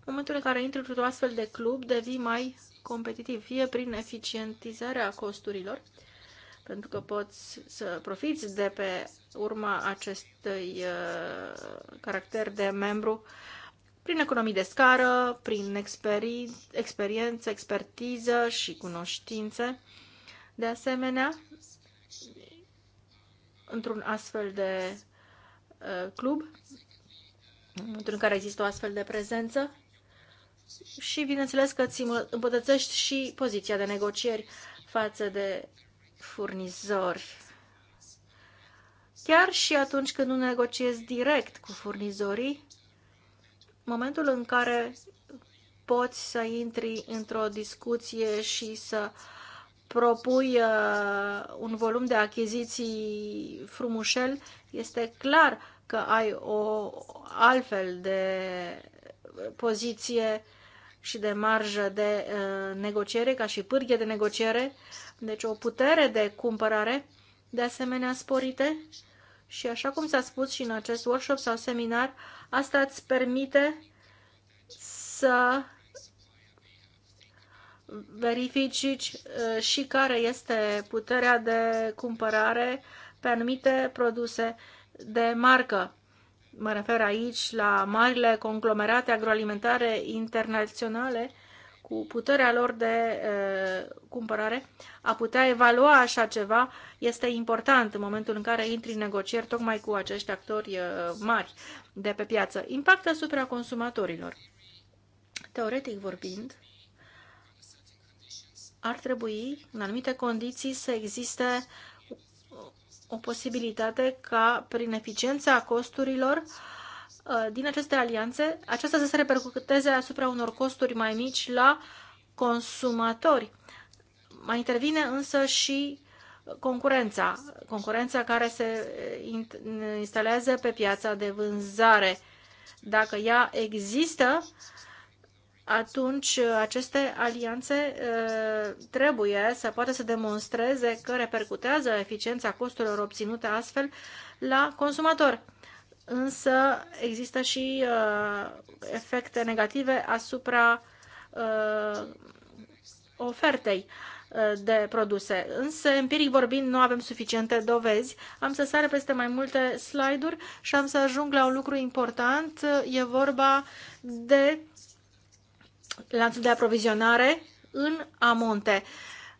în momentul în care intri într-un astfel de club, devii mai competitiv, fie prin eficientizarea costurilor, pentru că poți să profiți de pe urma acestui uh, caracter de membru uh, prin economii de scară, prin experi, experiență, expertiză și cunoștințe. De asemenea, într-un astfel de uh, club, într-un care există o astfel de prezență și, bineînțeles, că îți îmbătățești și poziția de negocieri față de furnizori. Chiar și atunci când nu negociezi direct cu furnizorii, momentul în care poți să intri într-o discuție și să propui uh, un volum de achiziții frumușel, este clar că ai o altfel de poziție și de marjă de uh, negociere, ca și pârghie de negociere, deci o putere de cumpărare, de asemenea sporite și așa cum s-a spus și în acest workshop sau seminar, asta îți permite să verifici uh, și care este puterea de cumpărare pe anumite produse de marcă. Mă refer aici la marile conglomerate agroalimentare internaționale cu puterea lor de e, cumpărare, a putea evalua așa ceva este important în momentul în care intri în negocieri tocmai cu acești actori e, mari de pe piață. Impact asupra consumatorilor. Teoretic vorbind, ar trebui, în anumite condiții, să existe o posibilitate ca, prin eficiența costurilor, uh, Uh, din aceste alianțe, aceasta să se repercuteze asupra unor costuri mai mici la consumatori. Mai intervine însă și concurența, concurența care se instalează pe piața de vânzare. Dacă ea există, atunci aceste alianțe uh, trebuie să poată să demonstreze că repercutează eficiența costurilor obținute astfel la consumator însă există și uh, efecte negative asupra uh, ofertei uh, de produse. Însă, empiric vorbind, nu avem suficiente dovezi. Am să sare peste mai multe slide-uri și am să ajung la un lucru important. E vorba de lanțul de aprovizionare în amonte.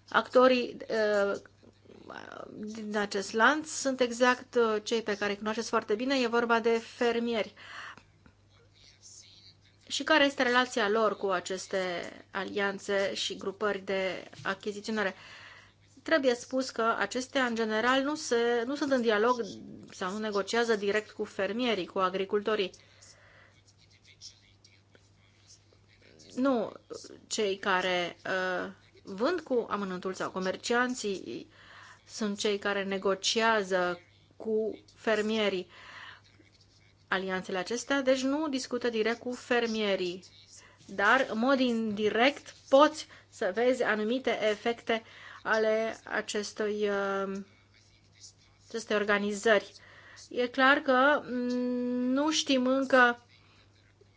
Actorii uh, din acest lanț sunt exact uh, cei pe care îi cunoașteți foarte bine, e vorba de fermieri. Și care este relația lor cu aceste alianțe și grupări de achiziționare? Trebuie spus că acestea, în general, nu, se, nu sunt în dialog sau nu negociază direct cu fermierii, cu agricultorii. Nu cei care uh, vând cu amănântul sau comercianții sunt cei care negociază cu fermierii alianțele acestea, deci nu discută direct cu fermierii, dar în mod indirect poți să vezi anumite efecte ale acestui, uh, acestei organizări. E clar că mm, nu știm încă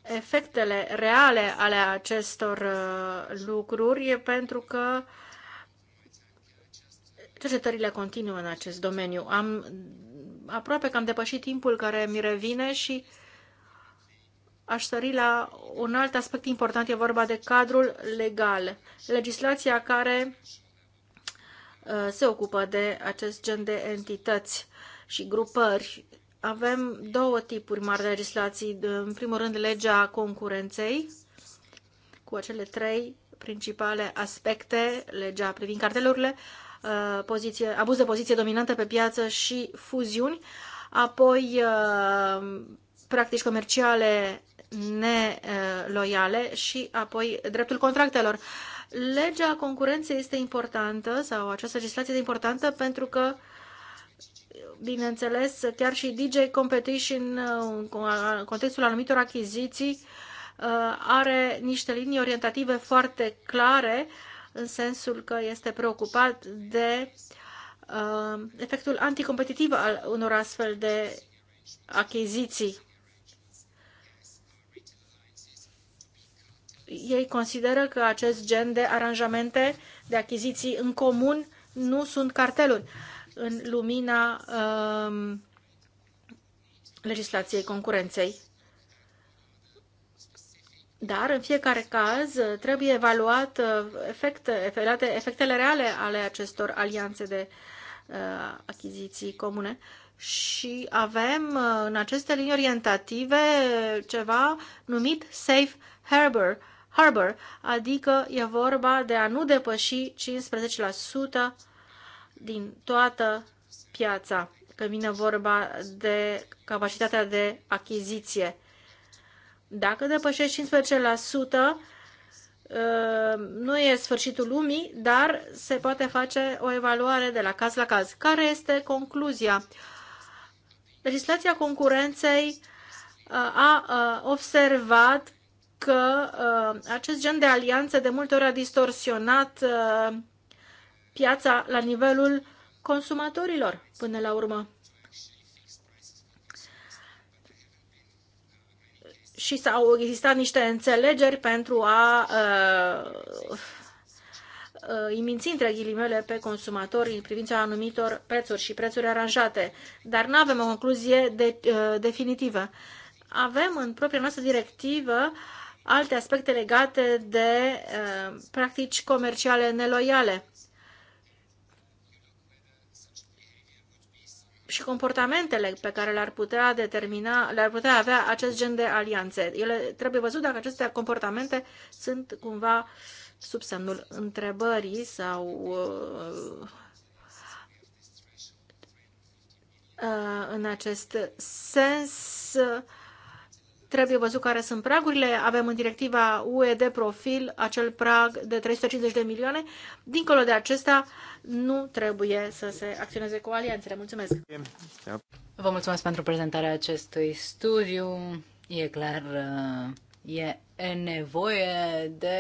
efectele reale ale acestor uh, lucruri, pentru că uh, Cercetările continuă în acest domeniu. Am aproape că am depășit timpul care mi revine și aș sări la un alt aspect important, e vorba de cadrul legal, legislația care uh, se ocupă de acest gen de entități și grupări. Avem două tipuri mari de legislații. În primul rând, legea concurenței, cu acele trei principale aspecte, legea privind cartelurile, Uh, poziție, abuz de poziție dominantă pe piață și fuziuni, apoi uh, practici comerciale neloiale și apoi dreptul contractelor. Legea concurenței este importantă sau această legislație este importantă pentru că bineînțeles, chiar și DJ Competition în uh, contextul anumitor achiziții are niște linii orientative foarte clare în sensul că este preocupat de uh, efectul anticompetitiv al unor astfel de achiziții. Ei consideră că acest gen de aranjamente de achiziții în comun nu sunt carteluri în lumina uh, legislației concurenței. Dar, în fiecare caz, trebuie evaluat uh, efecte, efectele reale ale acestor alianțe de uh, achiziții comune și avem uh, în aceste linii orientative ceva numit Safe Harbor, harbor adică e vorba de a nu depăși 15% din toată piața, că vine vorba de capacitatea de achiziție dacă depășești 15%, uh, nu e sfârșitul lumii, dar se poate face o evaluare de la caz la caz. Care este concluzia? Legislația concurenței uh, a uh, observat că acest gen de alianțe de multe ori a distorsionat piața la nivelul consumatorilor până la urmă. și s-au existat niște înțelegeri pentru a uh, uh, minți între ghilimele pe consumatori în privința anumitor prețuri și prețuri aranjate, dar nu avem o concluzie de, uh, definitivă. Avem în propria noastră directivă alte aspecte legate de uh, practici comerciale neloiale și comportamentele pe care le-ar putea determina, le-ar putea avea acest gen de alianțe. Ele trebuie văzut dacă aceste comportamente sunt cumva sub semnul întrebării sau uh, uh, în acest sens uh, Trebuie văzut care sunt pragurile. Avem în directiva UE de profil acel prag de 350 de milioane. Dincolo de acesta, nu trebuie să se acționeze cu alianțele. Mulțumesc! Vă mulțumesc pentru prezentarea acestui studiu. E clar, uh, e nevoie de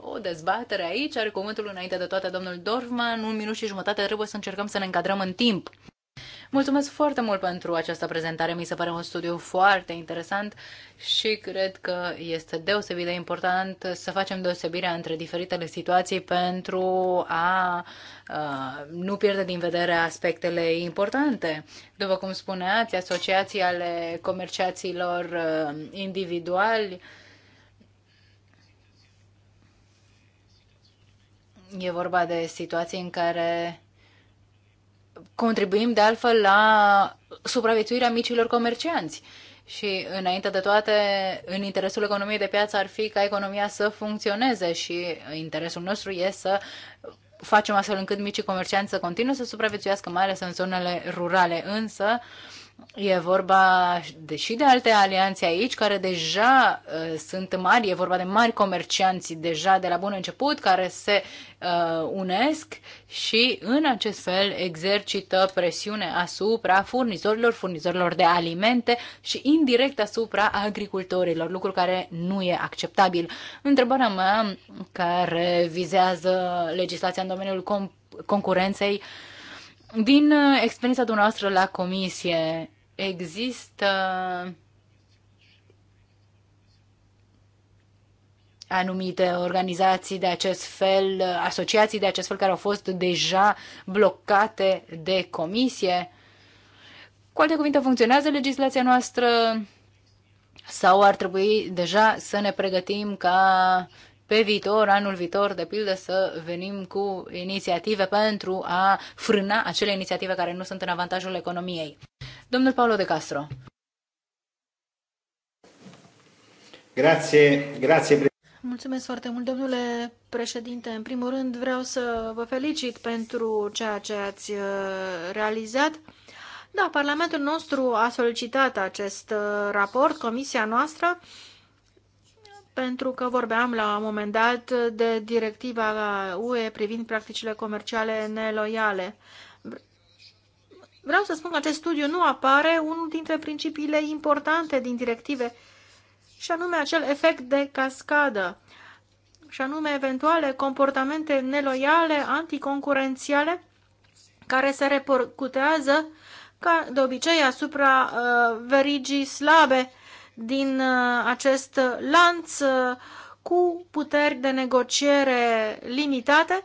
o dezbatere aici. Are cuvântul înainte de toate domnul Dorfman. Un minut și jumătate trebuie să încercăm să ne încadrăm în timp. Mulțumesc foarte mult pentru această prezentare. Mi se pare un studiu foarte interesant și cred că este deosebit de important să facem deosebirea între diferitele situații pentru a uh, nu pierde din vedere aspectele importante. După cum spuneați, asociații ale comerciaților uh, individuali E vorba de situații în care Contribuim de altfel la supraviețuirea micilor comercianți. Și înainte de toate, în interesul economiei de piață ar fi ca economia să funcționeze și interesul nostru este să facem astfel încât micii comercianți să continue să supraviețuiască, mai ales în zonele rurale. Însă, uh, E vorba și de alte alianțe aici care deja uh, sunt mari, e vorba de mari comercianți deja de la bun început care se uh, unesc și în acest fel exercită presiune asupra furnizorilor, furnizorilor de alimente și indirect asupra agricultorilor, lucru care nu e acceptabil. Întrebarea mea care vizează legislația în domeniul concurenței uh, din uh, experiența dumneavoastră la comisie, există anumite organizații de acest fel, uh, asociații de acest fel care au fost deja blocate de comisie. Cu alte cuvinte, funcționează legislația noastră sau ar trebui deja să ne pregătim ca pe viitor, anul viitor, de pildă, să venim cu inițiative pentru a frâna acele inițiative care nu sunt în avantajul economiei. Domnul Paolo de Castro. Grazie, grazie. Mulțumesc foarte mult, domnule președinte. În primul rând vreau să vă felicit pentru ceea ce ați uh, realizat. Da, Parlamentul nostru a solicitat acest uh, raport, comisia noastră, pentru că vorbeam la un moment dat de directiva UE privind practicile comerciale neloiale. Vreau să spun că acest studiu nu apare unul dintre principiile importante din directive, și anume acel efect de cascadă, și anume eventuale comportamente neloiale, anticoncurențiale, care se repercutează ca de obicei asupra uh, verigii slabe din uh, acest lanț uh, cu puteri de negociere limitate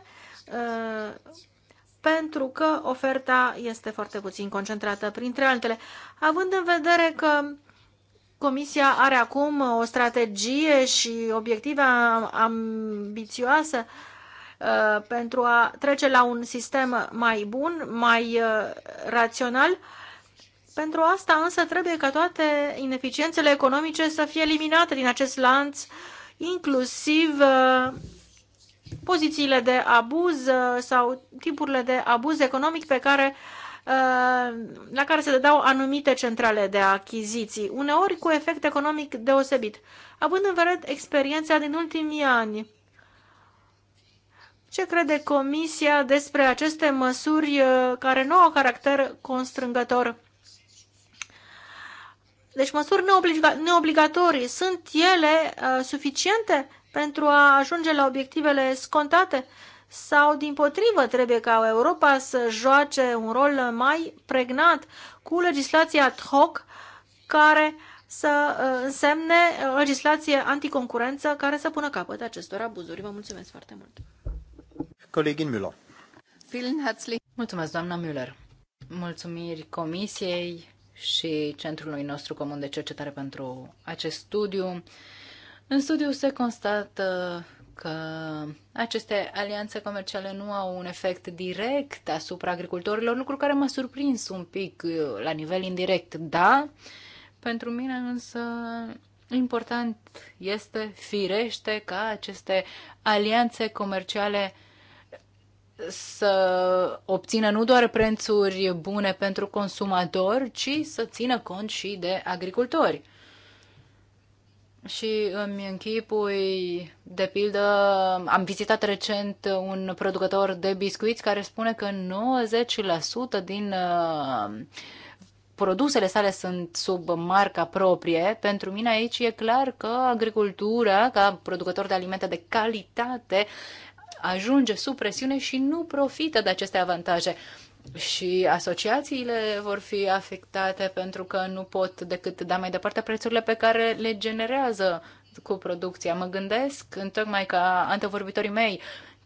uh, pentru că oferta este foarte puțin concentrată, printre altele. Având în vedere că Comisia are acum o strategie și obiective ambițioase pentru a trece la un sistem mai bun, mai rațional, pentru asta însă trebuie ca toate ineficiențele economice să fie eliminate din acest lanț, inclusiv uh, pozițiile de abuz uh, sau tipurile de abuz economic pe care uh, la care se dădeau anumite centrale de achiziții, uneori cu efect economic deosebit. Având în vedere experiența din ultimii ani, ce crede Comisia despre aceste măsuri care nu au caracter constrângător deci măsuri neobliga neobligatorii sunt ele uh, suficiente pentru a ajunge la obiectivele scontate? Sau, din potrivă, trebuie ca Europa să joace un rol mai pregnat cu legislația ad hoc care să uh, însemne uh, legislație anticoncurență care să pună capăt acestor abuzuri. Vă mulțumesc foarte mult. Colegin Müller. Mulțumesc, doamna Müller. Mulțumiri comisiei și centrului nostru comun de cercetare pentru acest studiu. În studiu se constată că aceste alianțe comerciale nu au un efect direct asupra agricultorilor, lucru care m-a surprins un pic uh, la nivel indirect, da, pentru mine însă important este firește ca aceste alianțe comerciale să obțină nu doar prețuri bune pentru consumatori, ci să țină cont și de agricultori. Și îmi închipui, de pildă, am vizitat recent un producător de biscuiți care spune că 90% din uh, produsele sale sunt sub marca proprie, pentru mine aici e clar că agricultura, ca producător de alimente de calitate, ajunge sub presiune și nu profită de aceste avantaje. Și asociațiile vor fi afectate pentru că nu pot decât da mai departe prețurile pe care le generează cu producția. Mă gândesc, în tocmai ca antevorbitorii mei,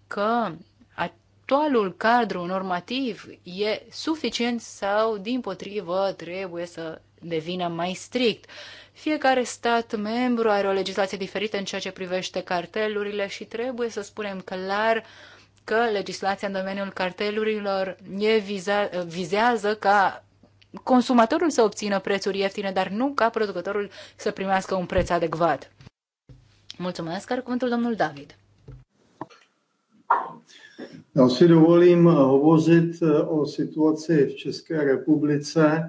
că actualul cadru normativ e suficient sau, din potrivă, trebuie să devină mai strict. Uh, fiecare stat membru are o legislație diferită în ceea ce privește cartelurile și trebuie să spunem clar că legislația în domeniul cartelurilor e viza, vizează ca consumatorul să obțină prețuri ieftine, dar nu ca producătorul să primească un preț adecvat. Mulțumesc, are cuvântul domnul David. Já si dovolím hovořit o situaci v České republice.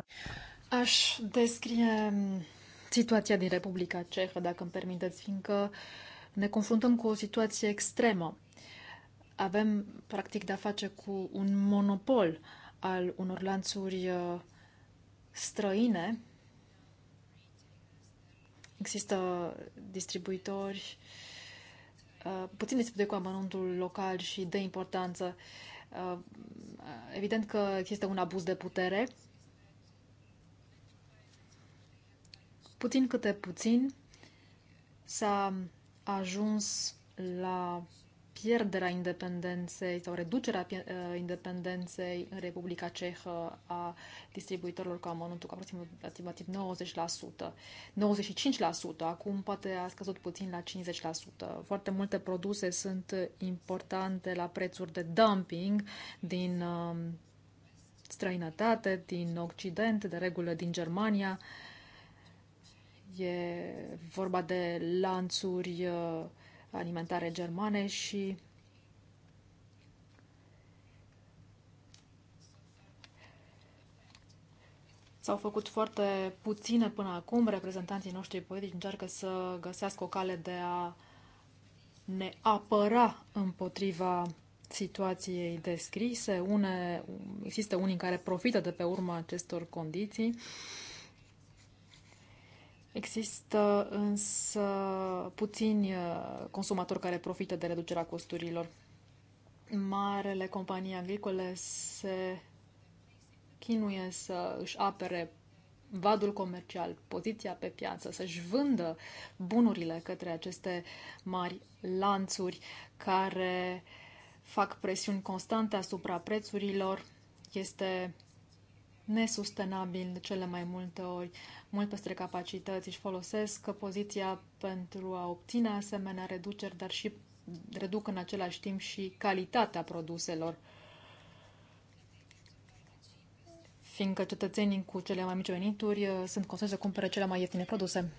Aș descrie um, situația din Republica Cehă, dacă îmi permiteți, fiindcă ne confruntăm cu o situație extremă. Avem, practic, de-a face cu un monopol al unor lanțuri uh, străine. Există distribuitori, uh, puțin distribuitori cu amănuntul local și de importanță. Uh, evident că există un abuz de putere puțin câte puțin s-a ajuns la pierderea independenței sau reducerea uh, independenței în Republica Cehă a distribuitorilor cu amănuntul cu aproximativ 90%, 95%, acum poate a scăzut puțin la 50%. Foarte multe produse sunt importante la prețuri de dumping din um, străinătate, din Occident, de regulă din Germania, E vorba de lanțuri uh, alimentare germane și S-au făcut foarte puține până acum. Reprezentanții noștri politici încearcă să găsească o cale de a ne apăra împotriva situației descrise. Une, există unii care profită de pe urma acestor condiții Există însă puțini uh, consumatori care profită de reducerea costurilor. Marele companii agricole se chinuie să își apere vadul comercial, poziția pe piață, să-și vândă bunurile către aceste mari lanțuri care fac presiuni constante asupra prețurilor. Este nesustenabil de cele mai multe ori, mult peste capacități, își folosesc poziția pentru a obține asemenea reduceri, dar și reduc în același timp și calitatea produselor. Fiindcă cetățenii cu cele mai mici venituri uh, sunt constrânși să cumpere cele mai ieftine produse.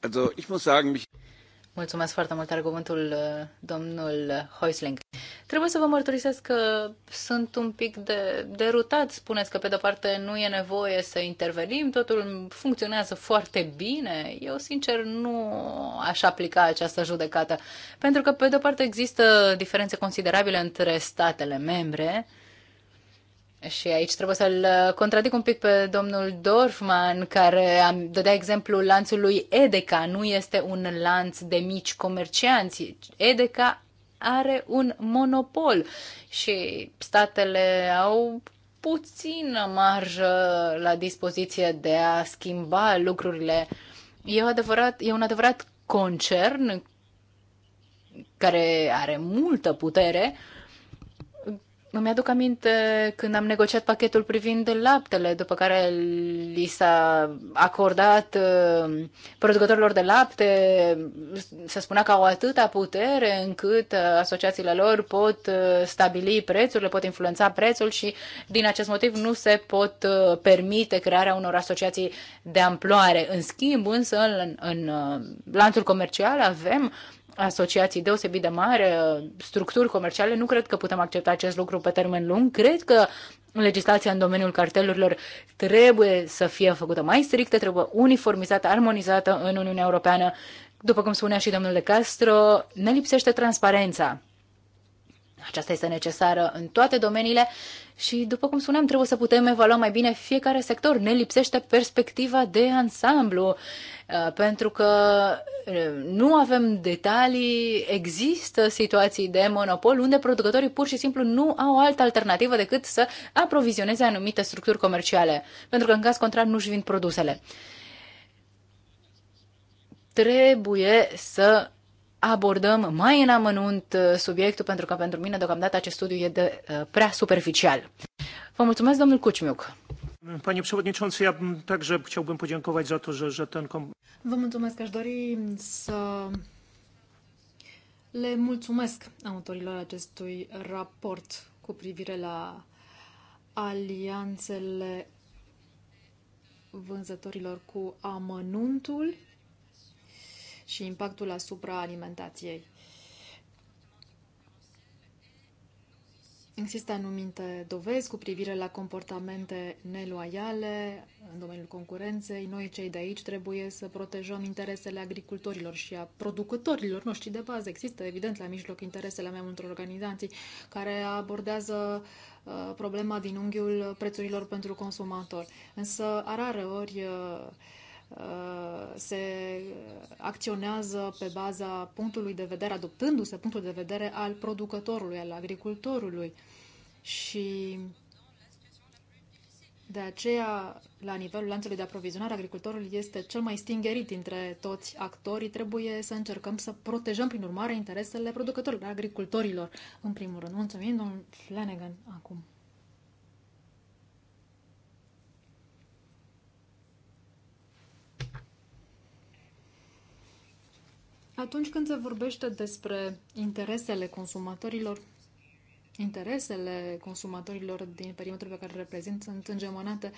Also, ich muss sagen, mich Mulțumesc foarte mult, are cuvântul uh, domnul Heusling. Trebuie să vă mărturisesc că sunt un pic de derutat. Spuneți că, pe de-o parte, nu e nevoie să intervenim, totul funcționează foarte bine. Eu, sincer, nu aș aplica această judecată, pentru că, pe de-o parte, există diferențe considerabile între statele membre, și aici trebuie să-l uh, contradic un pic pe domnul Dorfman, care dădea exemplu lanțului Edeca. Nu este un lanț de mici comercianți. Edeca are un monopol și statele au puțină marjă la dispoziție de a schimba lucrurile. E, adevărat, e un adevărat concern care are multă putere îmi aduc aminte când am negociat pachetul privind laptele, după care li s-a acordat uh, producătorilor de lapte, se spunea că au atâta putere încât uh, asociațiile lor pot uh, stabili prețurile, pot influența prețul și din acest motiv nu se pot permite crearea unor asociații de amploare. În schimb, însă, în, în lanțul comercial avem asociații deosebit de mari, uh, structuri comerciale, nu cred că putem accepta acest lucru pe termen lung. Cred că legislația în domeniul cartelurilor trebuie să fie făcută mai strictă, trebuie uniformizată, armonizată în Uniunea Europeană. După cum spunea și domnul De Castro, ne lipsește transparența. Aceasta este necesară în toate domeniile și, după cum spuneam, trebuie să putem evalua mai bine fiecare sector. Ne lipsește perspectiva de ansamblu, uh, pentru că uh, nu avem detalii, există situații de monopol unde producătorii pur și simplu nu au altă alternativă decât să aprovizioneze anumite structuri comerciale, pentru că, în caz contrar, nu-și vin produsele. Trebuie să abordăm mai în amănunt uh, subiectul, pentru că pentru mine deocamdată acest studiu e de, uh, prea superficial. Vă mulțumesc, domnul Kuczmiuk. Panie Przewodniczący, ja także chciałbym podziękować za to, że, że ten... Vă mulțumesc, aș dori să le mulțumesc autorilor acestui raport cu privire la alianțele vânzătorilor cu amănuntul și impactul asupra alimentației. Există anumite dovezi cu privire la comportamente neloiale în domeniul concurenței. Noi, cei de aici, trebuie să protejăm interesele agricultorilor și a producătorilor noștri de bază. Există, evident, la mijloc interesele mai multor organizații care abordează uh, problema din unghiul prețurilor pentru consumator. Însă, rare ori, uh, Uh, se acționează pe baza punctului de vedere, adoptându-se punctul de vedere al producătorului, al agricultorului. Și de aceea, la nivelul lanțului de aprovizionare, agricultorul este cel mai stingerit dintre toți actorii. Trebuie să încercăm să protejăm, prin urmare, interesele producătorilor, agricultorilor, în primul rând. Mulțumim, domnul Flanagan, acum. Atunci când se vorbește despre interesele consumatorilor, interesele consumatorilor din perimetrul pe care îl reprezint sunt îngemănate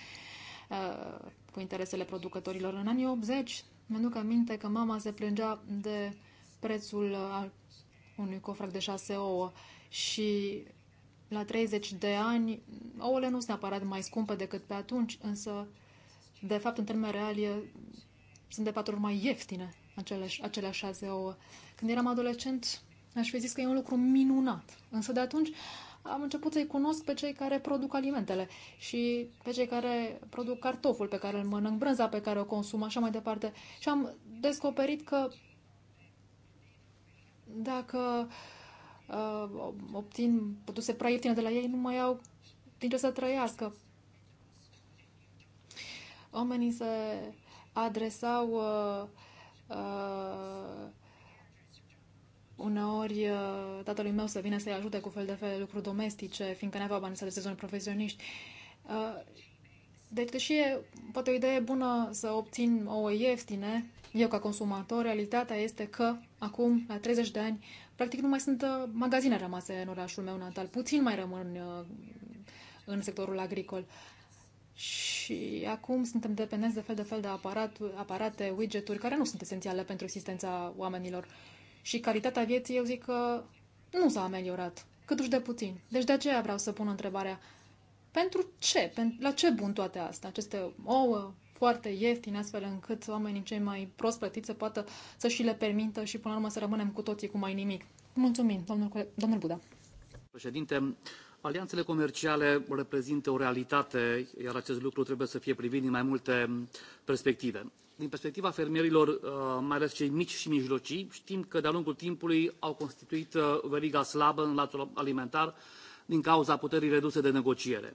uh, cu interesele producătorilor. În anii 80, mi-aduc aminte că mama se plângea de prețul uh, unui cofrac de 6 ouă și la 30 de ani ouăle nu sunt neapărat mai scumpe decât pe atunci, însă, de fapt, în termeni reali, sunt de patru ori mai ieftine aceleași, șase ouă. Când eram adolescent, aș fi zis că e un lucru minunat. Însă de atunci am început să-i cunosc pe cei care produc alimentele și pe cei care produc cartoful pe care îl mănânc, brânza pe care o consum, așa mai departe. Și am descoperit că dacă uh, obțin produse prea ieftine de la ei, nu mai au din ce să trăiască. Oamenii se adresau uh, uh, uneori uh, tatălui meu să vină să-i ajute cu fel de fel lucruri domestice, fiindcă nu avea bani să adreseze un profesioniști. Uh, deci, deși e poate o idee bună să obțin o ieftine, eu ca consumator, realitatea este că acum, la 30 de ani, practic nu mai sunt uh, magazine rămase în orașul meu natal. Puțin mai rămân uh, în sectorul agricol și acum suntem dependenți de fel de fel de aparat, aparate, widgeturi care nu sunt esențiale pentru existența oamenilor. Și calitatea vieții, eu zic că nu s-a ameliorat, cât de puțin. Deci de aceea vreau să pun întrebarea, pentru ce? La ce bun toate astea? Aceste ouă foarte ieftine, astfel încât oamenii cei mai prost plătiți să poată să și le permită și până la urmă să rămânem cu toții cu mai nimic. Mulțumim, domnul, domnul Buda. Președinte, alianțele comerciale reprezintă o realitate iar acest lucru trebuie să fie privit din mai multe mm, perspective. din perspectiva fermierilor uh, mai ales cei mici și mijlocii știm că de a lungul timpului au constituit uh, veriga slabă în lanțul alimentar din cauza puterii reduse de negociere.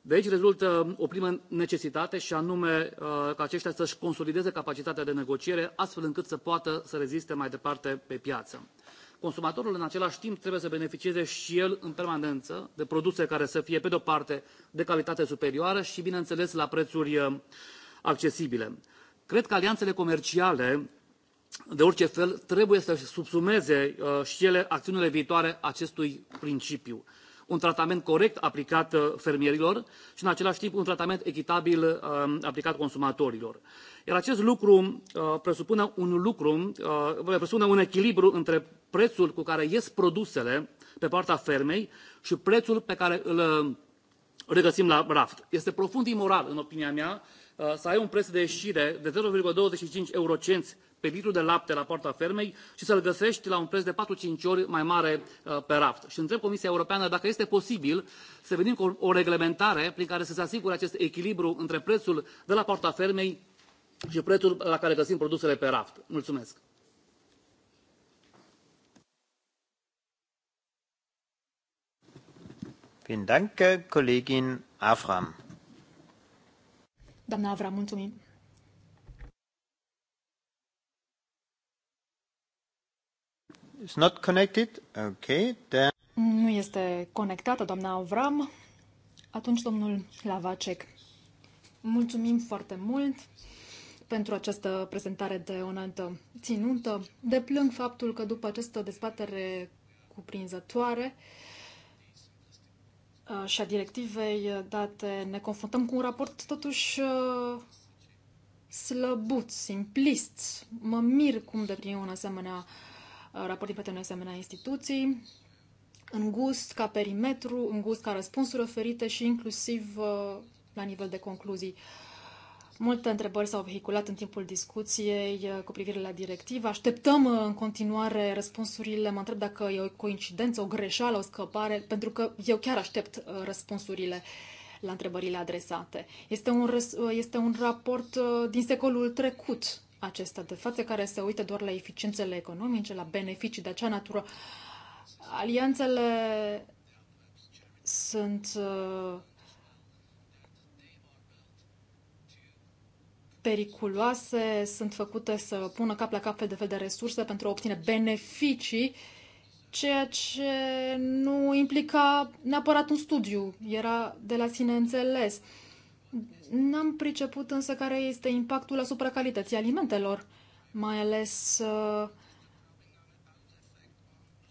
de aici rezultă mm, o primă necesitate și anume uh, ca aceștia să și consolideze capacitatea de negociere astfel încât să poată să reziste mai departe pe piață consumatorul în același timp trebuie să beneficieze și el în permanență de produse care să fie pe de o parte de calitate superioară și bineînțeles la prețuri uh, accesibile. Cred că alianțele comerciale de orice fel trebuie să subsumeze uh, și ele acțiunile viitoare acestui principiu un tratament corect aplicat uh, fermierilor și în același timp un tratament echitabil aplicat consumatorilor. Iar acest lucru uh, presupune un lucru, uh, presupune un echilibru între prețul cu care ies produsele pe partea fermei și prețul pe care îl uh, regăsim la raft. Este profund imoral, în opinia mea, să ai un preț de ieșire de 0,25 eurocenți pe litru de lapte la poarta fermei și să-l găsești la un preț de 4-5 ori mai mare pe raft. Și întreb Comisia Europeană dacă este posibil să venim cu o reglementare prin care să se asigure acest echilibru între prețul de la poarta fermei și prețul la care găsim produsele pe raft. Mulțumesc! Danke, Kollegin Avram. Doamna Avram, mulțumim. It's not connected? Okay, then... Nu este conectată, doamna Avram. Atunci, domnul Lavacek. Mulțumim foarte mult pentru această prezentare de onantă ținută. Deplâng faptul că după această dezbatere cuprinzătoare și a directivei date, ne confruntăm cu un raport totuși slăbuț, simplist. Mă mir cum deprime un asemenea raport din partea unei asemenea instituții, îngust ca perimetru, îngust ca răspunsuri oferite și inclusiv la nivel de concluzii. Uh, Multe întrebări s-au vehiculat în timpul discuției uh, cu privire la directivă. Așteptăm uh, în continuare răspunsurile. Mă întreb dacă e o coincidență, o greșeală, o scăpare, pentru că eu chiar aștept uh, răspunsurile la întrebările adresate. Este un, este un raport din secolul trecut acesta de față, care se uită doar la eficiențele economice, la beneficii de acea natură. Alianțele sunt uh, periculoase sunt făcute să pună cap la cap fel de fel de resurse pentru a obține beneficii, ceea ce nu implica neapărat un studiu, era de la sine înțeles. N-am priceput însă care este impactul asupra calității alimentelor, mai ales uh,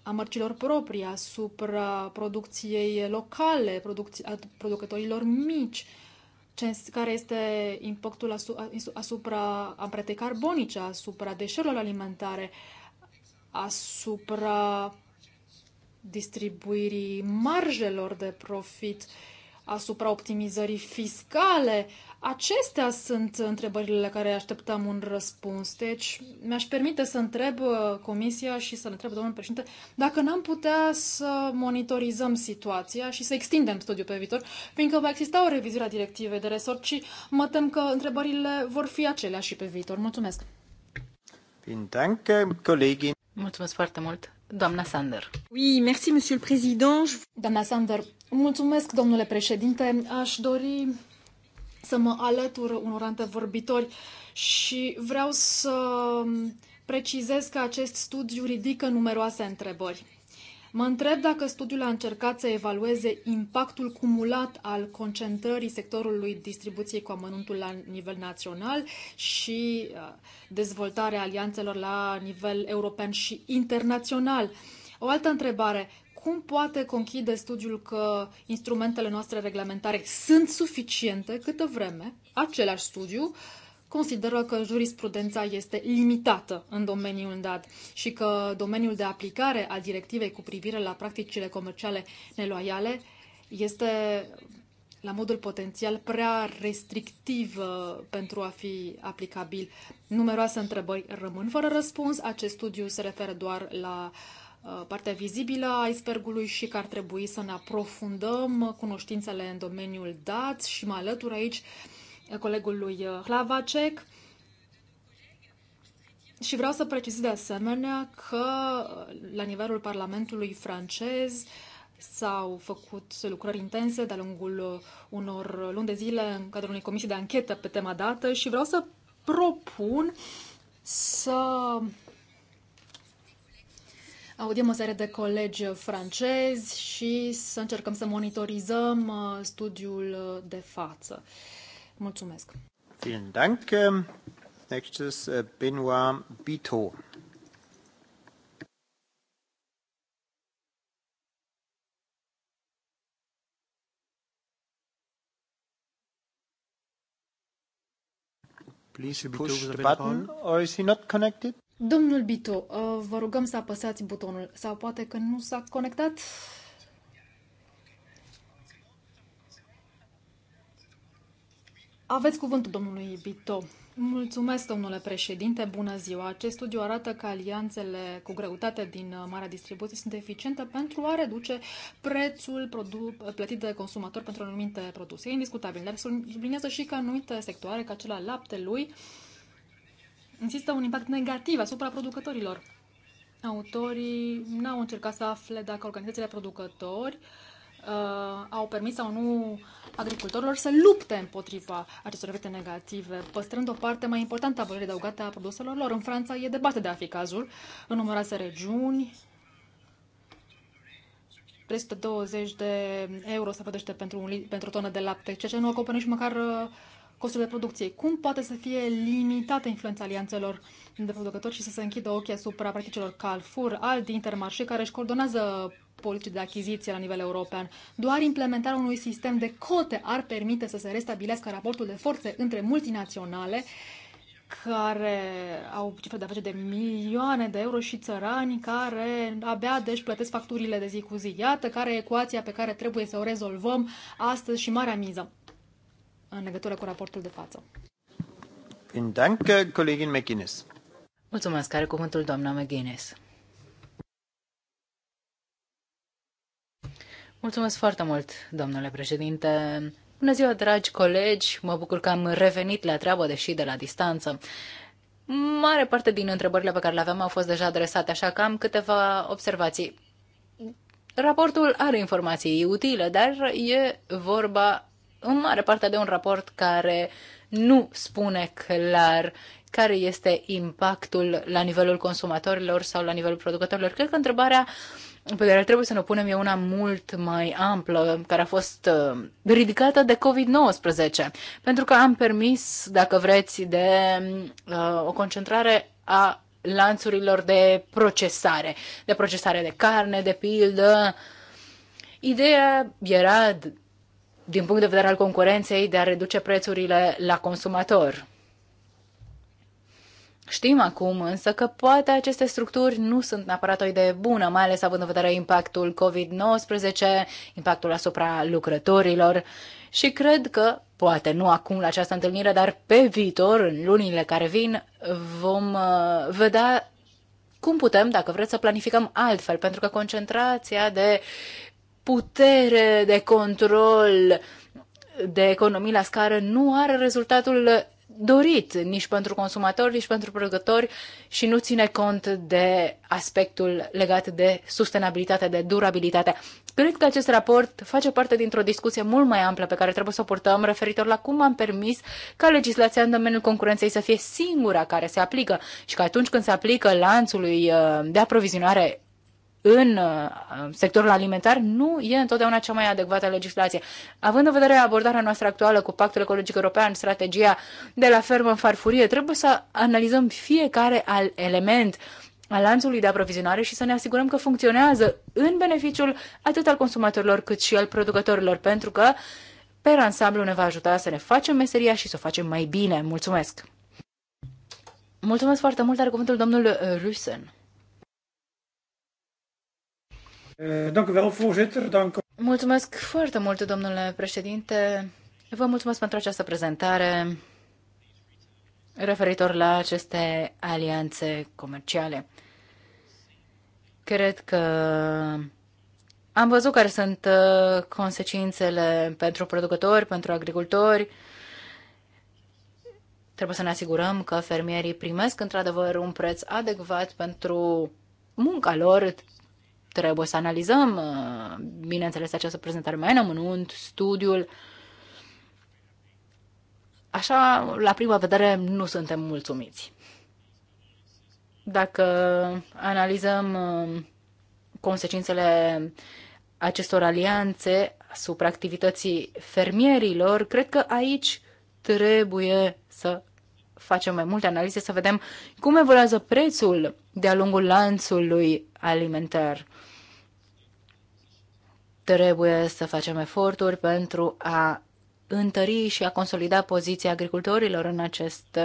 a mărcilor proprii, asupra producției locale, producți- a producătorilor mici, care este impactul asupra ampretei carbonice, asupra deșeurilor alimentare, asupra distribuirii marjelor de profit asupra optimizării fiscale. Acestea sunt întrebările la care așteptăm un răspuns. Deci mi-aș permite să întreb uh, comisia și să întreb domnul președinte dacă n-am putea să monitorizăm situația și să extindem studiul pe viitor, fiindcă va exista o revizuire a directivei de resort și mă tem că întrebările vor fi aceleași și pe viitor. Mulțumesc! Mulțumesc foarte mult, Doamna Sander. Oui, merci, monsieur le président. Doamna Sander, mulțumesc, domnule președinte. Aș dori să mă alătur unor antevorbitori și vreau să precizez că acest studiu ridică numeroase întrebări. Mă întreb dacă studiul a încercat să evalueze impactul cumulat al concentrării sectorului distribuției cu amănuntul la nivel național și uh, dezvoltarea alianțelor la nivel european și internațional. O altă întrebare. Cum poate conchide studiul că instrumentele noastre reglementare sunt suficiente câtă vreme același studiu consideră că jurisprudența este limitată în domeniul dat și că domeniul de aplicare a directivei cu privire la practicile comerciale neloiale este la modul potențial prea restrictiv uh, pentru a fi aplicabil. Numeroase întrebări rămân fără răspuns. Acest studiu se referă doar la uh, partea vizibilă a icebergului și că ar trebui să ne aprofundăm cunoștințele în domeniul dat și mă alătur aici colegului uh, Hlavacek. Și vreau să precizez de asemenea că uh, la nivelul Parlamentului francez s-au făcut lucrări intense de-a lungul uh, unor luni de zile în cadrul unei comisii de anchetă pe tema dată și vreau să propun să audiem o serie de colegi francezi și să încercăm să monitorizăm studiul de față. Mulțumesc! Vielen Dank. Ähm, nächstes äh, Benoit Bito. Please push the button or is he not connected? Domnul Bito, uh, vă rugăm să apăsați butonul sau poate că nu s-a conectat. Aveți cuvântul domnului Bito. Mulțumesc, domnule președinte, bună ziua. Acest studiu arată că alianțele cu greutate din uh, marea distribuție sunt eficiente pentru a reduce prețul plătit de consumator pentru anumite produse. E indiscutabil, dar sublinează și că anumite sectoare, ca cel al laptelui, insistă un impact negativ asupra producătorilor. Autorii n-au încercat să afle dacă organizațiile producători uh, uh, au permis sau nu agricultorilor să lupte împotriva acestor efecte negative, păstrând o parte mai importantă a valorii adăugate a produselor lor. În Franța e debate de a fi cazul, în numeroase regiuni, 320 de euro se plătește pentru, un, pentru o tonă de lapte, ceea ce nu acoperă nici măcar uh, costul de producție. Cum poate să fie limitată influența alianțelor de producători și să se închidă ochii asupra practicilor Calfur, Aldi, Intermarché, care își coordonează politici de achiziție la nivel european. Doar implementarea unui sistem de cote ar permite să se restabilească raportul de forțe între multinaționale care au cifre de afaceri de milioane de euro și țărani care abia deci plătesc facturile de zi cu zi. Iată care e ecuația pe care trebuie să o rezolvăm astăzi și marea miză în legătură cu raportul de față. Danke, Kollegin McGuinness. Mulțumesc, are cuvântul doamna McGuinness. Mulțumesc foarte mult, domnule președinte. Bună ziua, dragi colegi! Mă bucur că am revenit la treabă, deși de la distanță. Mare parte din întrebările pe care le aveam au fost deja adresate, așa că am câteva observații. Raportul are informații utile, dar e vorba în mare parte de un raport care nu spune clar care este impactul la nivelul consumatorilor sau la nivelul producătorilor. Cred că întrebarea uh, pe care trebuie să ne punem e una mult mai amplă, care a fost uh, ridicată de COVID-19, pentru că am permis, dacă vreți, de uh, o concentrare a lanțurilor de procesare, de procesare de carne, de pildă. Ideea era, din punct de vedere al concurenței, de a reduce prețurile la consumator. Știm acum însă că poate aceste structuri nu sunt neapărat o idee bună, mai ales având în vedere impactul COVID-19, impactul asupra lucrătorilor și cred că, poate nu acum la această întâlnire, dar pe viitor, în lunile care vin, vom uh, vedea cum putem, dacă vreți, să planificăm altfel, pentru că concentrația de putere, de control, de economii la scară nu are rezultatul dorit nici pentru consumatori, nici pentru producători și nu ține cont de aspectul legat de sustenabilitate, de durabilitate. Cred că acest raport face parte dintr-o discuție mult mai amplă pe care trebuie să o purtăm referitor la cum am permis ca legislația în domeniul concurenței să fie singura care se aplică și că atunci când se aplică lanțului uh, de aprovizionare în uh, sectorul alimentar nu e întotdeauna cea mai adecvată legislație. Având în vedere abordarea noastră actuală cu Pactul Ecologic European, strategia de la fermă în farfurie, trebuie să analizăm fiecare al element al lanțului de aprovizionare și să ne asigurăm că funcționează în beneficiul atât al consumatorilor cât și al producătorilor, pentru că pe ansamblu ne va ajuta să ne facem meseria și să o facem mai bine. Mulțumesc! Mulțumesc foarte mult, are cuvântul domnul uh, Rusen. Eh, mulțumesc foarte mult, domnule președinte. Vă mulțumesc pentru această prezentare referitor la aceste alianțe comerciale. Cred că am văzut care sunt eh, consecințele pentru producători, pentru agricultori. Trebuie să ne asigurăm că fermierii primesc într-adevăr un preț adecvat pentru munca lor, trebuie să analizăm, uh, bineînțeles, această prezentare mai în amănunt, studiul. Așa, la prima vedere, nu suntem mulțumiți. Dacă analizăm uh, consecințele acestor alianțe asupra activității fermierilor, cred că aici trebuie să facem mai multe analize, să vedem cum evoluează prețul de-a lungul lanțului alimentar. Trebuie să facem eforturi pentru a întări și a consolida poziția agricultorilor în acest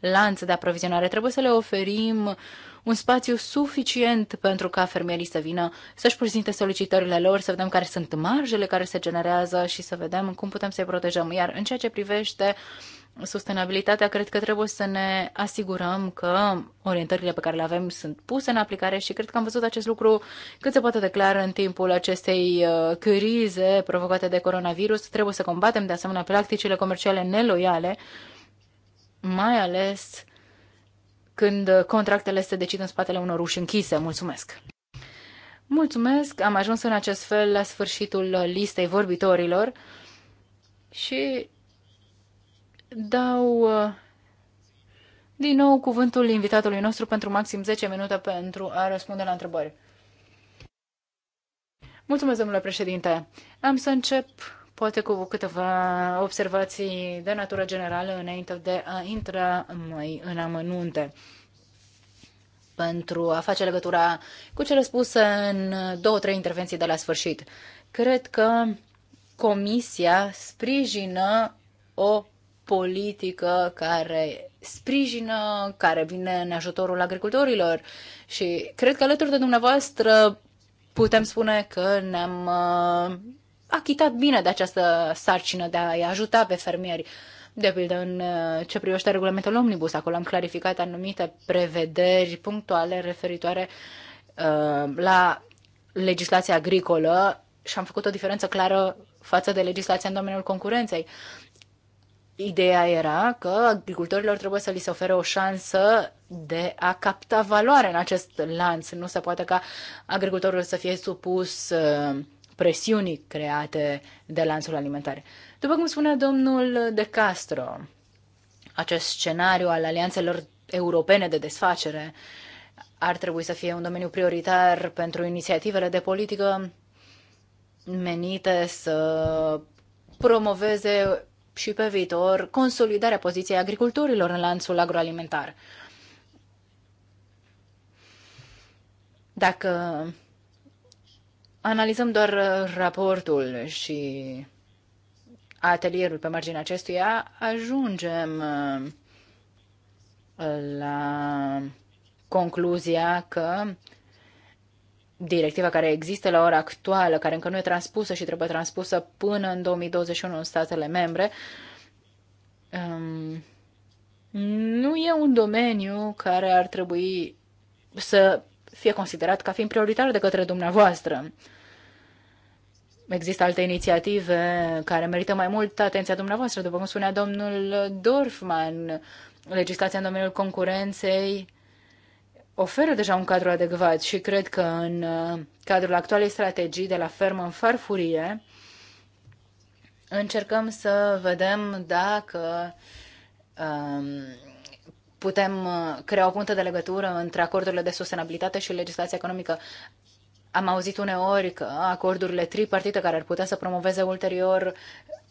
lanț de aprovizionare. Trebuie să le oferim un spațiu suficient pentru ca fermierii să vină să-și prezinte solicitările lor, să vedem care sunt marjele care se generează și să vedem cum putem să-i protejăm. Iar în ceea ce privește uh, sustenabilitatea, cred că trebuie să ne asigurăm că orientările pe care le avem sunt puse în aplicare și cred că am văzut acest lucru cât se poate declar în timpul acestei uh, crize provocate de coronavirus. Trebuie să combatem de asemenea practicile comerciale neloiale, mai ales când contractele se decid în spatele unor uși închise. Mulțumesc! Mulțumesc! Am ajuns în acest fel la sfârșitul listei vorbitorilor și dau uh, din nou cuvântul invitatului nostru pentru maxim 10 minute pentru a răspunde la întrebări. Mulțumesc, domnule președinte. Am să încep poate cu câteva observații de natură generală înainte de a intra mai în amănunte pentru a face legătura cu cele spuse în două, trei intervenții de la sfârșit. Cred că Comisia sprijină o politică care sprijină, care vine în ajutorul agricultorilor și cred că alături de dumneavoastră putem spune că ne-am uh, achitat bine de această sarcină de a-i ajuta pe fermieri. De pildă, în uh, ce privește regulamentul Omnibus, acolo am clarificat anumite prevederi punctuale referitoare uh, la legislația agricolă și am făcut o diferență clară față de legislația în domeniul concurenței. Ideea era că agricultorilor trebuie să li se ofere o șansă de a capta valoare în acest lanț. Nu se poate ca agricultorul să fie supus uh, presiunii create de lanțul alimentar. După cum spune domnul De Castro, acest scenariu al alianțelor europene de desfacere ar trebui să fie un domeniu prioritar pentru inițiativele de politică menite să promoveze și pe viitor consolidarea poziției agricultorilor în lanțul agroalimentar. Dacă analizăm doar raportul și atelierul pe marginea acestuia, ajungem uh, la concluzia că directiva care există la ora actuală, care încă nu e transpusă și trebuie transpusă până în 2021 în statele membre, um, nu e un domeniu care ar trebui să fie considerat ca fiind prioritar de către dumneavoastră. Există alte inițiative care merită mai mult atenția dumneavoastră, după cum spunea domnul Dorfman, legislația în domeniul concurenței, oferă deja un cadru adecvat și cred că în uh, cadrul actualei strategii de la fermă în farfurie încercăm să vedem dacă um, putem uh, crea o punte de legătură între acordurile de sustenabilitate și legislația economică. Am auzit uneori că acordurile tripartite care ar putea să promoveze ulterior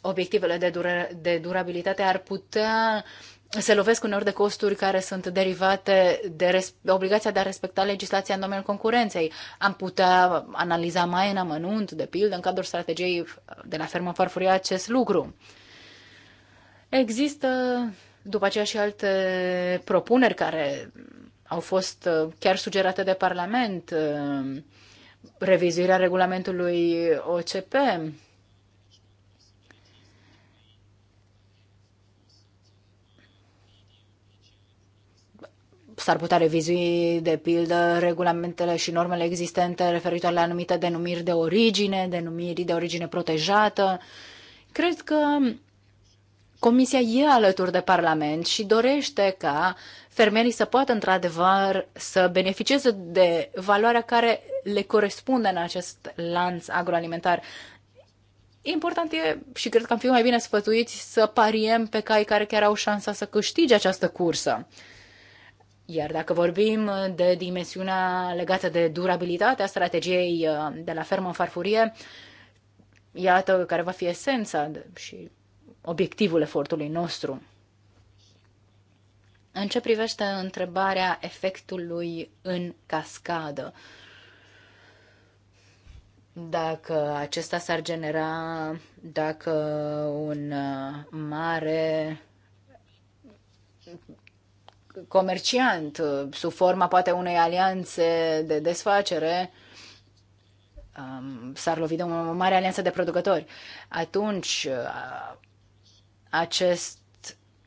obiectivele de, dura- de durabilitate ar putea se lovesc uneori de costuri care sunt derivate de obligația de a respecta legislația în domeniul concurenței. Am putea analiza mai în amănunt, de pildă, în cadrul strategiei de la fermă farfuria acest lucru. Există după aceea și alte propuneri care au fost uh, chiar sugerate de Parlament, uh, revizuirea regulamentului OCP, S-ar putea revizui, de pildă, regulamentele și normele existente referitoare la anumite denumiri de origine, denumiri de origine protejată. Cred că Comisia e alături de Parlament și dorește ca fermierii să poată într-adevăr să beneficieze de valoarea care le corespunde în acest lanț agroalimentar. Important e, și cred că am fi mai bine sfătuiți, să pariem pe cai care chiar au șansa să câștige această cursă. Iar dacă vorbim uh, de dimensiunea legată de durabilitatea strategiei uh, de la fermă în farfurie, iată care va fi esența și obiectivul efortului nostru. În ce privește întrebarea efectului în cascadă, dacă acesta s-ar genera, dacă un uh, mare comerciant, uh, sub forma poate unei alianțe de desfacere, um, s-ar lovi de o mare alianță de producători. Atunci, uh, acest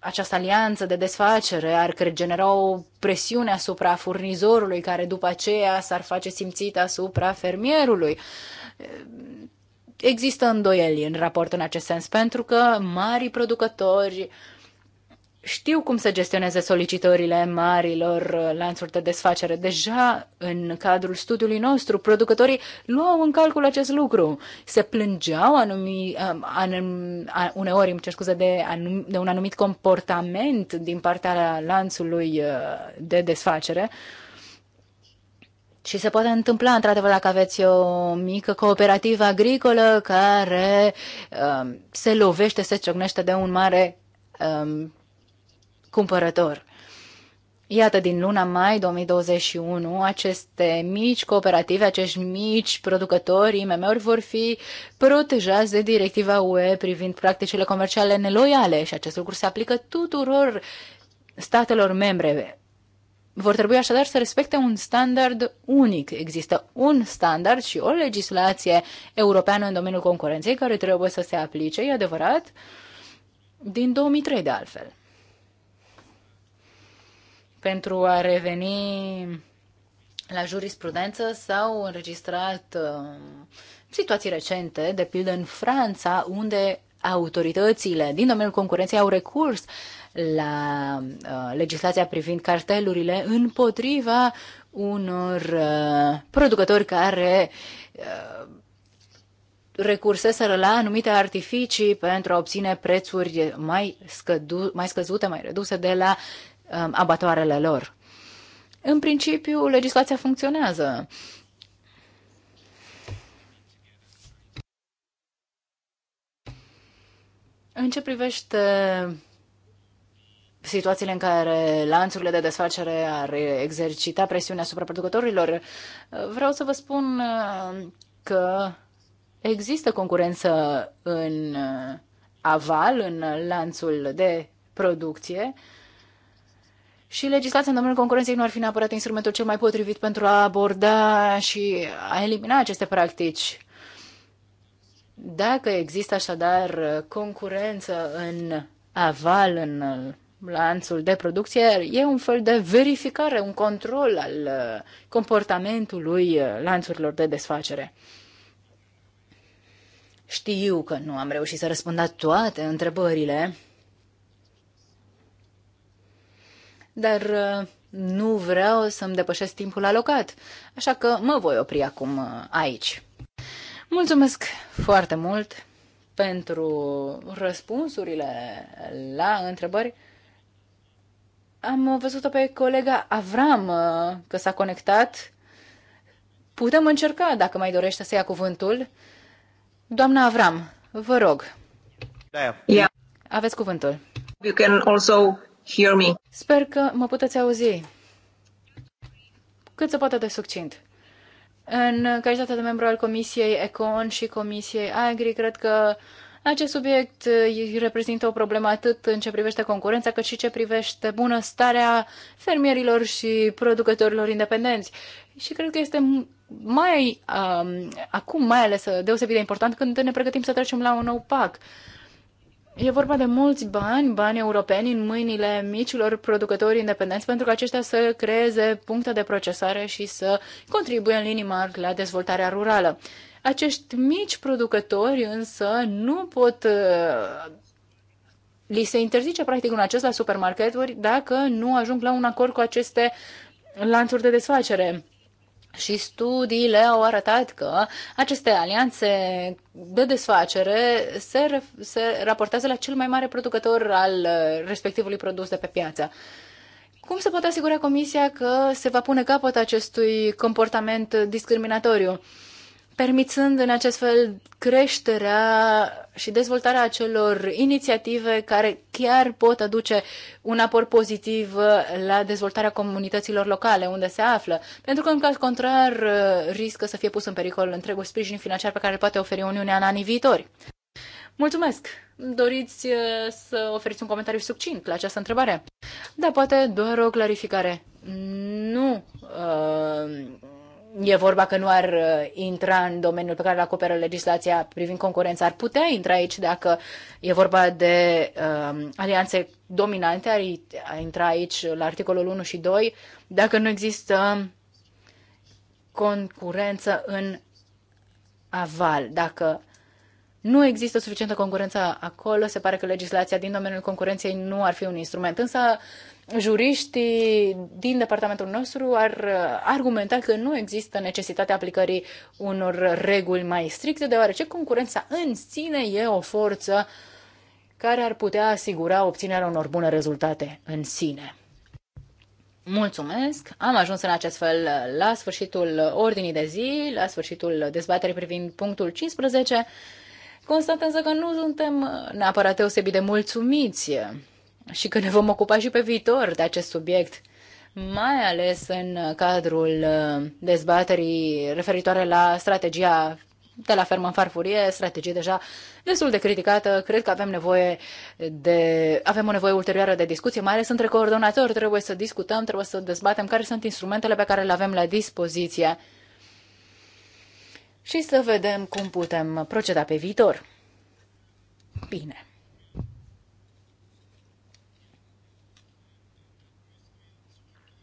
această alianță de desfacere ar genera o presiune asupra furnizorului, care după aceea s-ar face simțit asupra fermierului. Există îndoieli în raport în acest sens, pentru că mari producători uh, știu cum să gestioneze solicitările marilor uh, lanțuri de desfacere. Deja în cadrul studiului nostru, producătorii luau în calcul acest lucru. Se plângeau anumi, anum, uneori, îmi cer scuze, de, anum, de un anumit comportament din partea lanțului uh, de desfacere. Și se poate întâmpla, într-adevăr, dacă aveți o mică cooperativă agricolă care uh, se lovește, se ciocnește de un mare um, cumpărător. Iată, din luna mai 2021, aceste mici cooperative, acești mici producători, IMM-uri, vor fi protejați de directiva UE privind practicile comerciale neloiale și acest lucru se aplică tuturor statelor membre. Vor trebui așadar să respecte un standard unic. Există un standard și o legislație europeană în domeniul concurenței care trebuie să se aplice, e adevărat, din 2003 de altfel pentru a reveni la jurisprudență s-au înregistrat uh, situații recente, de pildă în Franța, unde autoritățile din domeniul concurenței au recurs la uh, legislația privind cartelurile împotriva unor uh, producători care uh, recurseseră la anumite artificii pentru a obține prețuri mai, scădu- mai scăzute, mai reduse de la Um, abatoarele lor. În principiu, legislația funcționează. În ce privește situațiile în care lanțurile de desfacere ar exercita presiunea asupra producătorilor, vreau să vă spun uh, că există concurență în uh, aval, în lanțul de producție, și legislația în domeniul concurenței nu ar fi neapărat instrumentul cel mai potrivit pentru a aborda și a elimina aceste practici. Dacă există așadar concurență în aval, în lanțul de producție, e un fel de verificare, un control al comportamentului lanțurilor de desfacere. Știu că nu am reușit să răspund la toate întrebările, dar uh, nu vreau să-mi depășesc timpul alocat, așa că mă voi opri acum uh, aici. Mulțumesc foarte mult pentru răspunsurile la întrebări. Am văzut-o pe colega Avram uh, că s-a conectat. Putem încerca, dacă mai dorește să ia cuvântul. Doamna Avram, vă rog. Da, yeah. Aveți cuvântul. You can also hear me. Sper că mă puteți auzi. Cât se poate de succint. În calitate de membru al Comisiei Econ și Comisiei Agri, cred că acest subiect uh, reprezintă o problemă atât în ce privește concurența, cât și ce privește bunăstarea fermierilor și producătorilor independenți. Și cred că este mai um, acum mai ales deosebit de important când ne pregătim să trecem la un nou PAC. E vorba de mulți bani, bani europeni în mâinile micilor producători independenți pentru că aceștia să creeze puncte de procesare și să contribuie în linii mari la dezvoltarea rurală. Acești mici producători însă nu pot uh, li se interzice practic un acces la supermarketuri dacă nu ajung la un acord cu aceste lanțuri de desfacere. Și studiile au arătat că aceste alianțe de desfacere se, se raportează la cel mai mare producător al uh, respectivului produs de pe piață. Cum se poate asigura Comisia că se va pune capăt acestui comportament discriminatoriu? permițând în acest fel creșterea și dezvoltarea acelor inițiative care chiar pot aduce un aport pozitiv la dezvoltarea comunităților locale unde se află, pentru că în caz contrar riscă să fie pus în pericol întregul sprijin financiar pe care îl poate oferi Uniunea în anii viitori. Mulțumesc! Doriți uh, să oferiți un comentariu succint la această întrebare? Da, poate doar o clarificare. Nu. Uh e vorba că nu ar uh, intra în domeniul pe care îl acoperă legislația privind concurența, ar putea intra aici dacă e vorba de uh, alianțe dominante, ar intra aici la articolul 1 și 2, dacă nu există concurență în aval, dacă nu există suficientă concurență acolo, se pare că legislația din domeniul concurenței nu ar fi un instrument, însă juriștii din departamentul nostru ar argumenta că nu există necesitatea aplicării unor reguli mai stricte, deoarece concurența în sine e o forță care ar putea asigura obținerea unor bune rezultate în sine. Mulțumesc! Am ajuns în acest fel la sfârșitul ordinii de zi, la sfârșitul dezbaterii privind punctul 15. Constat însă că nu suntem uh, neapărat deosebit de mulțumiți uh, și că ne vom ocupa și pe viitor de acest subiect, mai ales în uh, cadrul dezbaterii referitoare la strategia de la fermă în farfurie, strategie deja destul de criticată. Cred că avem nevoie de, avem o nevoie ulterioară de discuție, mai ales între coordonatori. Trebuie să discutăm, trebuie să dezbatem care sunt instrumentele pe care le avem la dispoziție și să vedem cum putem proceda pe viitor. Bine.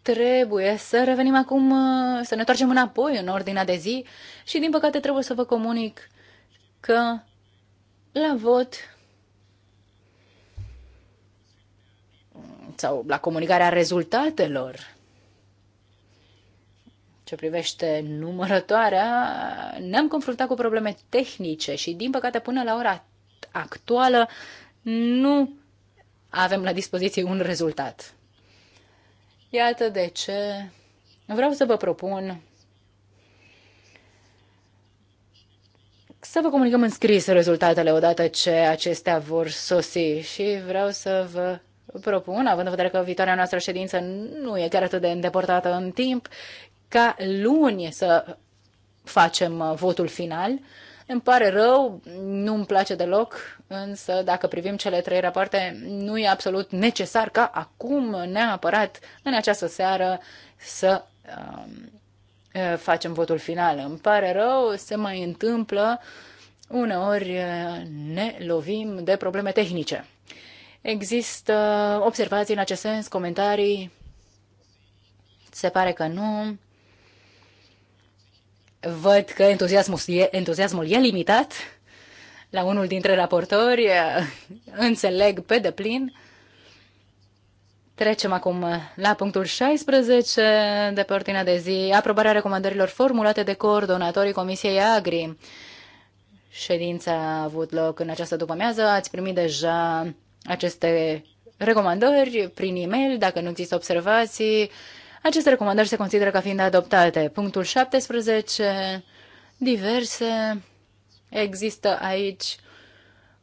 Trebuie să revenim acum, să ne întoarcem înapoi în ordinea de zi și, din păcate, trebuie să vă comunic că la vot sau la comunicarea rezultatelor ce privește numărătoarea, ne-am confruntat cu probleme tehnice și, din păcate, până la ora actuală nu avem la dispoziție un rezultat. Iată de ce vreau să vă propun să vă comunicăm în scris rezultatele odată ce acestea vor sosi și vreau să vă propun, având în vedere că viitoarea noastră ședință nu e chiar atât de îndepărtată în timp, ca luni să facem uh, votul final. Îmi pare rău, nu îmi place deloc, însă dacă privim cele trei rapoarte, nu e absolut necesar ca acum, neapărat, în această seară, să um, uh, facem votul final. Îmi pare rău, se mai întâmplă, uneori uh, ne lovim de probleme tehnice. Există uh, observații în acest sens, comentarii? Se pare că nu văd că entuziasmul e, entuziasmul e limitat la unul dintre raportori, înțeleg pe deplin. Trecem acum la punctul 16 de pe ordinea de zi, aprobarea recomandărilor formulate de coordonatorii Comisiei Agri. Ședința a avut loc în această după-amiază, ați primit deja aceste recomandări prin e-mail, dacă nu există observații, aceste recomandări se consideră ca fiind adoptate. Punctul 17, diverse, există aici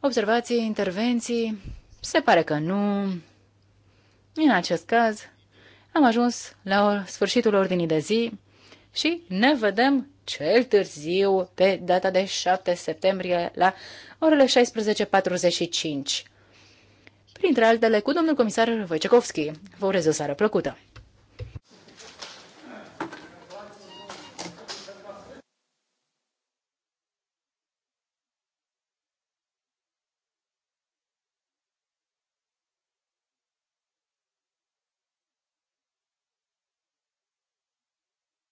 observații, intervenții, se pare că nu. În acest caz, am ajuns la sfârșitul ordinii de zi și ne vedem cel târziu pe data de 7 septembrie la orele 16.45. Printre altele, cu domnul comisar Wojciechowski. Vă urez o seară plăcută!